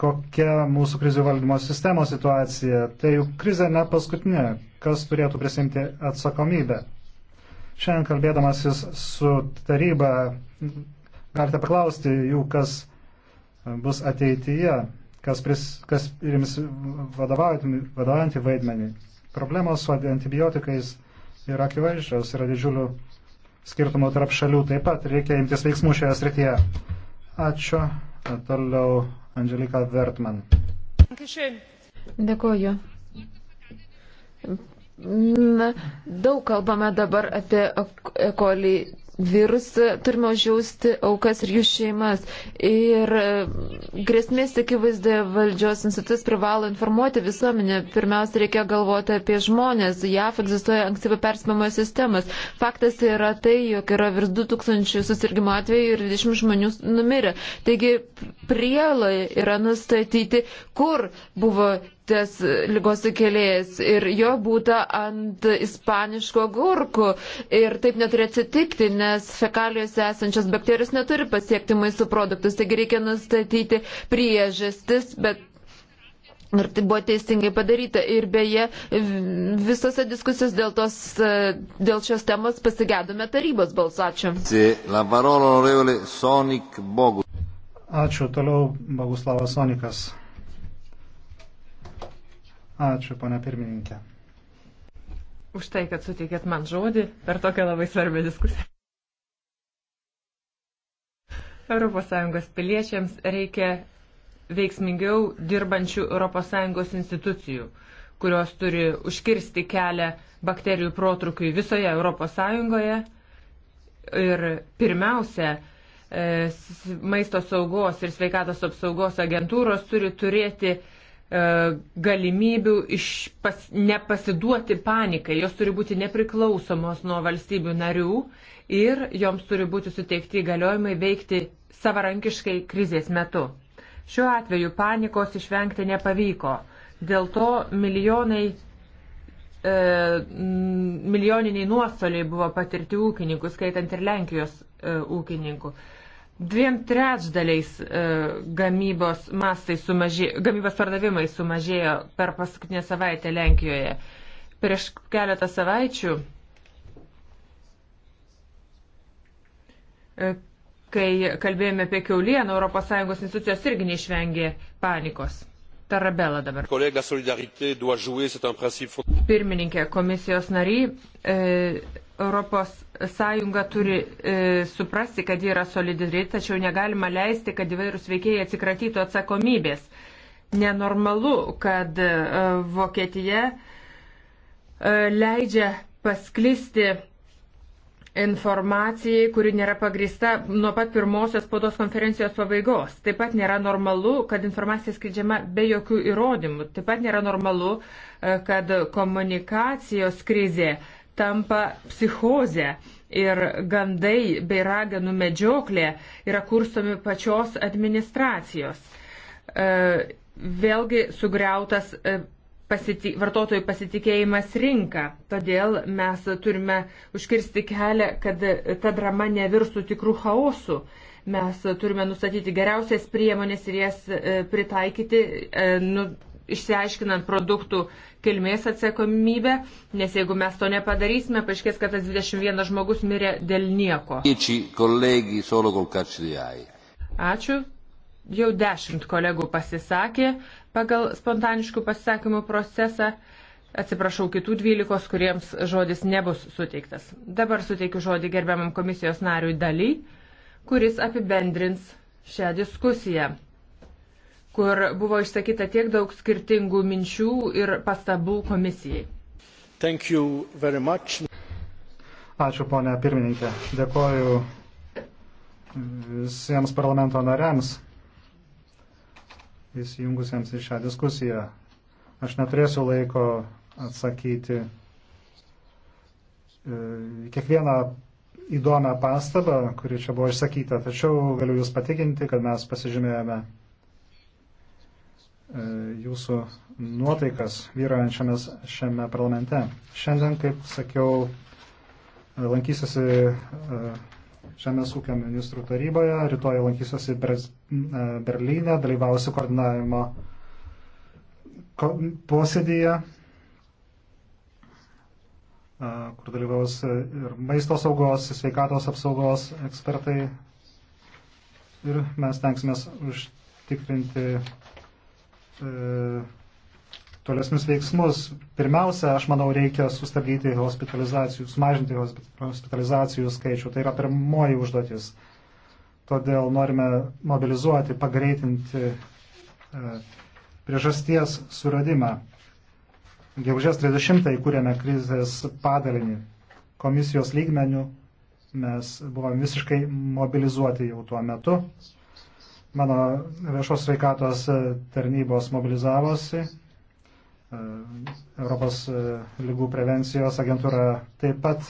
kokia mūsų krizių valdymo sistemos situacija. Tai juk krizė ne paskutinė, kas turėtų prisimti atsakomybę. Šiandien kalbėdamasis su taryba galite paklausti jų, kas bus ateityje, kas, pris, kas jums vadovaujantį vaidmenį. Problemos su antibiotikais yra akivaizdžios, yra didžiulių skirtumų tarp šalių. Taip pat reikia imtis veiksmų šioje srityje. Ačiū. Toliau Angelika Vertman. Dėkuoju. Na, daug kalbame dabar apie ekolį e-, virusą, turime žiausti aukas ir jų šeimas. Ir e, grėsmės akivaizdoje valdžios institutas privalo informuoti visuomenę. Pirmiausia, reikia galvoti apie žmonės. JAF egzistuoja ankstyvo perspėjimo sistemas. Faktas yra tai, jog yra virš 2000 susirgymo atvejų ir 20 žmonių numirė. Taigi prielai yra nustatyti, kur buvo tas lygos sukėlėjas ir jo būta ant ispaniško gurkų. Ir taip neturi atsitikti, nes fekalijose esančios bakterijos neturi pasiekti maisto produktus, taigi reikia nustatyti priežastis, bet Ir tai buvo teisingai padaryta. Ir beje, visose diskusijos dėl, tos, dėl šios temos pasigėdome tarybos balsačių. Ačiū. Toliau Boguslavas Sonikas. Ačiū, ponia pirmininkė. Už tai, kad suteikėt man žodį per tokią labai svarbią diskusiją. ES piliečiams reikia veiksmingiau dirbančių ES institucijų, kurios turi užkirsti kelią bakterijų protrukiui visoje ES ir pirmiausia, e, maisto saugos ir sveikatos apsaugos agentūros turi turėti E, galimybių iš pas, nepasiduoti panikai. Jos turi būti nepriklausomos nuo valstybių narių ir joms turi būti suteikti įgaliojimai veikti savarankiškai krizės metu. Šiuo atveju panikos išvengti nepavyko. Dėl to milijonai, e, milijoniniai nuostoliai buvo patirti ūkininkų, skaitant ir Lenkijos e, ūkininkų. E, dviem trečdaliais e, gamybos mastai sumažėjo, gamybos pardavimai sumažėjo per paskutinę savaitę Lenkijoje. Prieš keletą savaičių, e, kai kalbėjome apie keulieną, ES institucijos irgi neišvengė panikos. Tarabela dabar. Pirmininkė, komisijos nariai, e, ES turi e, suprasti, kad ji yra solidari, tačiau negalima leisti, kad įvairūs veikėjai atsikratytų atsakomybės. Nenormalu, kad e, Vokietija e, leidžia pasklisti informacijai, kuri nėra pagrįsta nuo pat pirmosios spaudos konferencijos pabaigos. Taip pat nėra normalu, kad informacija skleidžiama be jokių įrodymų. Taip pat nėra normalu, e, kad komunikacijos krizė uh, tampa psichozė ir gandai bei raganų medžioklė yra kurstomi pačios administracijos. E, vėlgi sugriautas e, pasiti vartotojų pasitikėjimas rinka. Todėl mes turime užkirsti kelią, kad ta drama nevirstų tikrų chaosų. Mes turime nustatyti geriausias priemonės ir jas e, pritaikyti, nu, išsiaiškinant produktų kilmės atsakomybę, nes jeigu mes to nepadarysime, paaiškės, kad tas 21 žmogus mirė dėl nieko. Ačiū. Jau dešimt kolegų pasisakė pagal spontaniškų pasisakymų procesą. Atsiprašau kitų dvylikos, kuriems žodis nebus suteiktas. Dabar suteikiu žodį gerbiamam komisijos nariui daly, kuris apibendrins šią diskusiją kur buvo išsakyta tiek daug skirtingų minčių ir pastabų komisijai. Ačiū, ponia pirmininkė. Dėkoju visiems parlamento nariams, įsijungusiems į šią diskusiją. Aš neturėsiu laiko atsakyti e, kiekvieną įdomią pastabą, kuri čia buvo išsakyta, tačiau galiu Jūs patikinti, kad mes pasižymėjome E, jūsų nuotaikas vyraujančiame šiame parlamente. Šiandien, kaip sakiau, e, lankysiuosi e, Žemės ūkio ministrų taryboje, rytoj lankysiuosi Berlyne, dalyvausiu koordinavimo posėdėje, kur dalyvaus ir maisto saugos, sveikatos apsaugos ekspertai. Ir mes tenksime užtikrinti e, tolesnius veiksmus. Pirmiausia, aš manau, reikia sustabdyti hospitalizacijų, sumažinti hospitalizacijų skaičių. Tai yra pirmoji užduotis. Todėl norime mobilizuoti, pagreitinti e, priežasties suradimą. Gegužės 30 įkūrėme krizės padalinį. Komisijos lygmenių mes buvome visiškai mobilizuoti jau tuo metu. Mano viešos sveikatos e, tarnybos mobilizavosi. E, Europos e, lygų prevencijos agentūra taip pat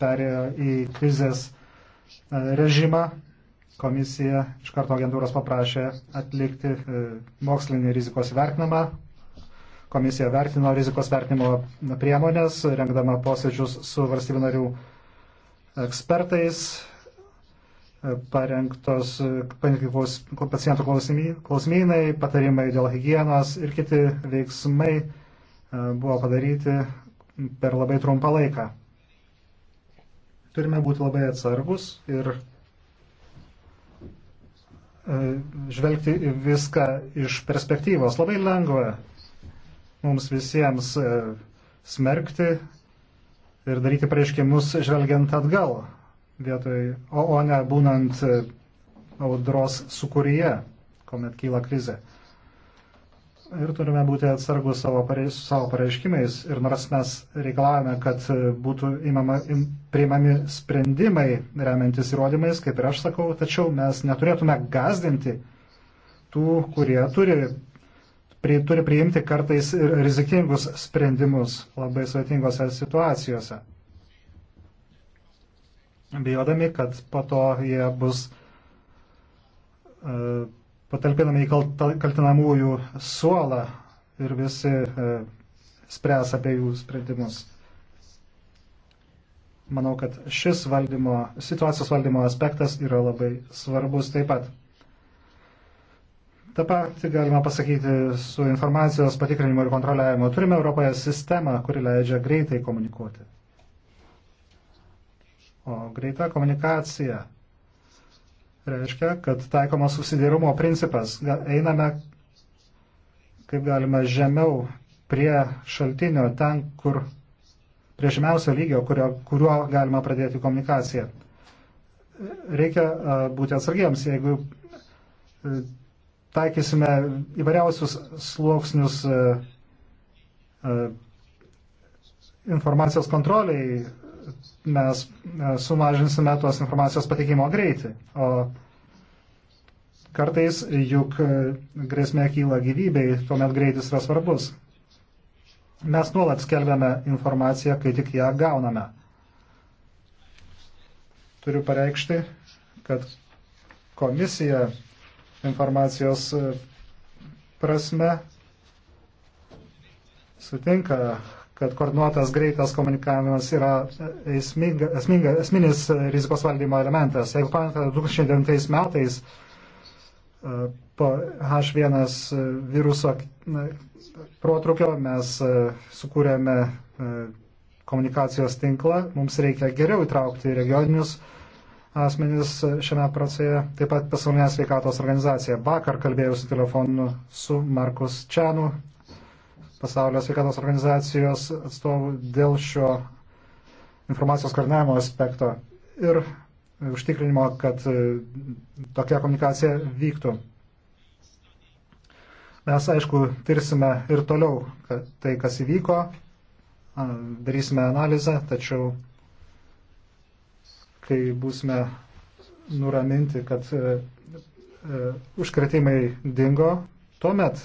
perėjo į krizės režimą. Komisija iš karto agentūros paprašė atlikti mokslinį rizikos vertinimą. Komisija vertino rizikos vertinimo priemonės, rengdama posėdžius su valstybių narių ekspertais, parengtos pacientų klausimynai, patarimai dėl hygienos ir kiti veiksmai e, buvo padaryti per labai trumpą laiką. Turime būti labai atsargus ir e, žvelgti viską iš perspektyvos. Labai lengva mums visiems e, smerkti ir daryti pareiškimus žvelgiant atgal vietoj, o, o ne būnant e, audros sukūrėje, kuomet kyla krizė. Ir turime būti atsargus savo, pareiš, savo pareiškimais. Ir nors mes reikalavome, kad e, būtų imama, im, priimami sprendimai remiantis įrodymais, kaip ir aš sakau, tačiau mes neturėtume gazdinti tų, kurie turi, pri, turi priimti kartais rizikingus sprendimus labai svetingose situacijose bijodami, kad po to jie bus e, patalpinami į kaltinamųjų suolą ir visi e, spręs apie jų sprendimus. Manau, kad šis valdymo, situacijos valdymo aspektas yra labai svarbus taip pat. Ta pati galima pasakyti su informacijos patikrinimu ir kontroliavimu. Turime Europoje sistemą, kuri leidžia greitai komunikuoti. O greita komunikacija reiškia, kad taikomas susidėrumo principas. Einame, kaip galima, žemiau prie šaltinio, ten, kur prie žemiausio lygio, kurio, kuriuo galima pradėti komunikaciją. Reikia būti atsargiems, jeigu e, taikysime įvairiausius sluoksnius e, e, informacijos kontroliai, mes e, sumažinsime tos informacijos pateikimo greitį. O kartais juk e, grėsmė kyla gyvybei, tuomet greitis yra svarbus. Mes nuolat skelbiame informaciją, kai tik ją gauname. Turiu pareikšti, kad komisija informacijos e, prasme sutinka kad koordinuotas greitas komunikavimas yra esminga, esminga, esminis rizikos valdymo elementas. Jeigu pamatate, 2009 metais e, po H1 viruso protrukio mes e, sukūrėme e, komunikacijos tinklą, mums reikia geriau įtraukti regioninius asmenys šiame procese, taip pat pasaulinė sveikatos organizacija. Vakar kalbėjausi telefonu su Markus Čianu, pasaulio sveikatos organizacijos atstovų dėl šio informacijos koordinavimo aspekto ir užtikrinimo, kad e, tokia komunikacija vyktų. Mes, aišku, tirsime ir toliau tai, kas įvyko, darysime analizę, tačiau kai būsime nuraminti, kad e, e, užkretimai dingo, tuomet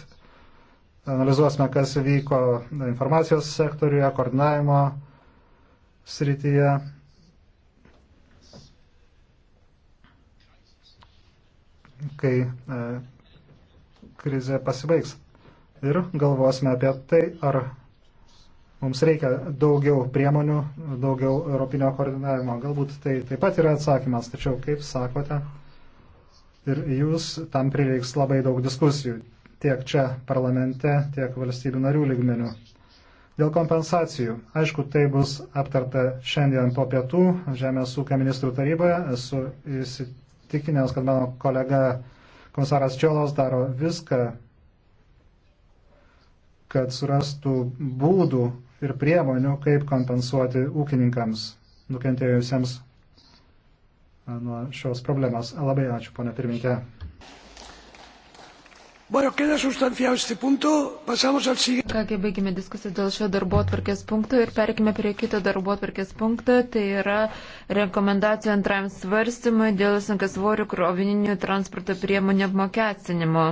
analizuosime, kas vyko informacijos sektoriuje, koordinavimo srityje. kai e, krizė pasibaigs. Ir galvosime apie tai, ar mums reikia daugiau priemonių, daugiau europinio koordinavimo. Galbūt tai taip pat yra atsakymas, tačiau, kaip sakote, ir jūs tam prireiks labai daug diskusijų tiek čia parlamente, tiek valstybių narių lygmenių. Dėl kompensacijų. Aišku, tai bus aptarta šiandien po pietų Žemės ūkio ministrų taryboje. Esu įsitikinęs, kad mano kolega komisaras Čiolos daro viską, kad surastų būdų ir priemonių, kaip kompensuoti ūkininkams nukentėjusiems e, nuo šios problemos. Labai ačiū, ponia pirminkė. Bueno, queda sustanciado este punto. Pasamos al siguiente. Kągi, baigime diskusiją dėl šio darbo atvarkės punkto ir perkime prie kito darbo atvarkės punkto. Tai yra rekomendacijų antrajam svarstymui dėl sunkasvorių krovininių transporto priemonių apmokestinimo.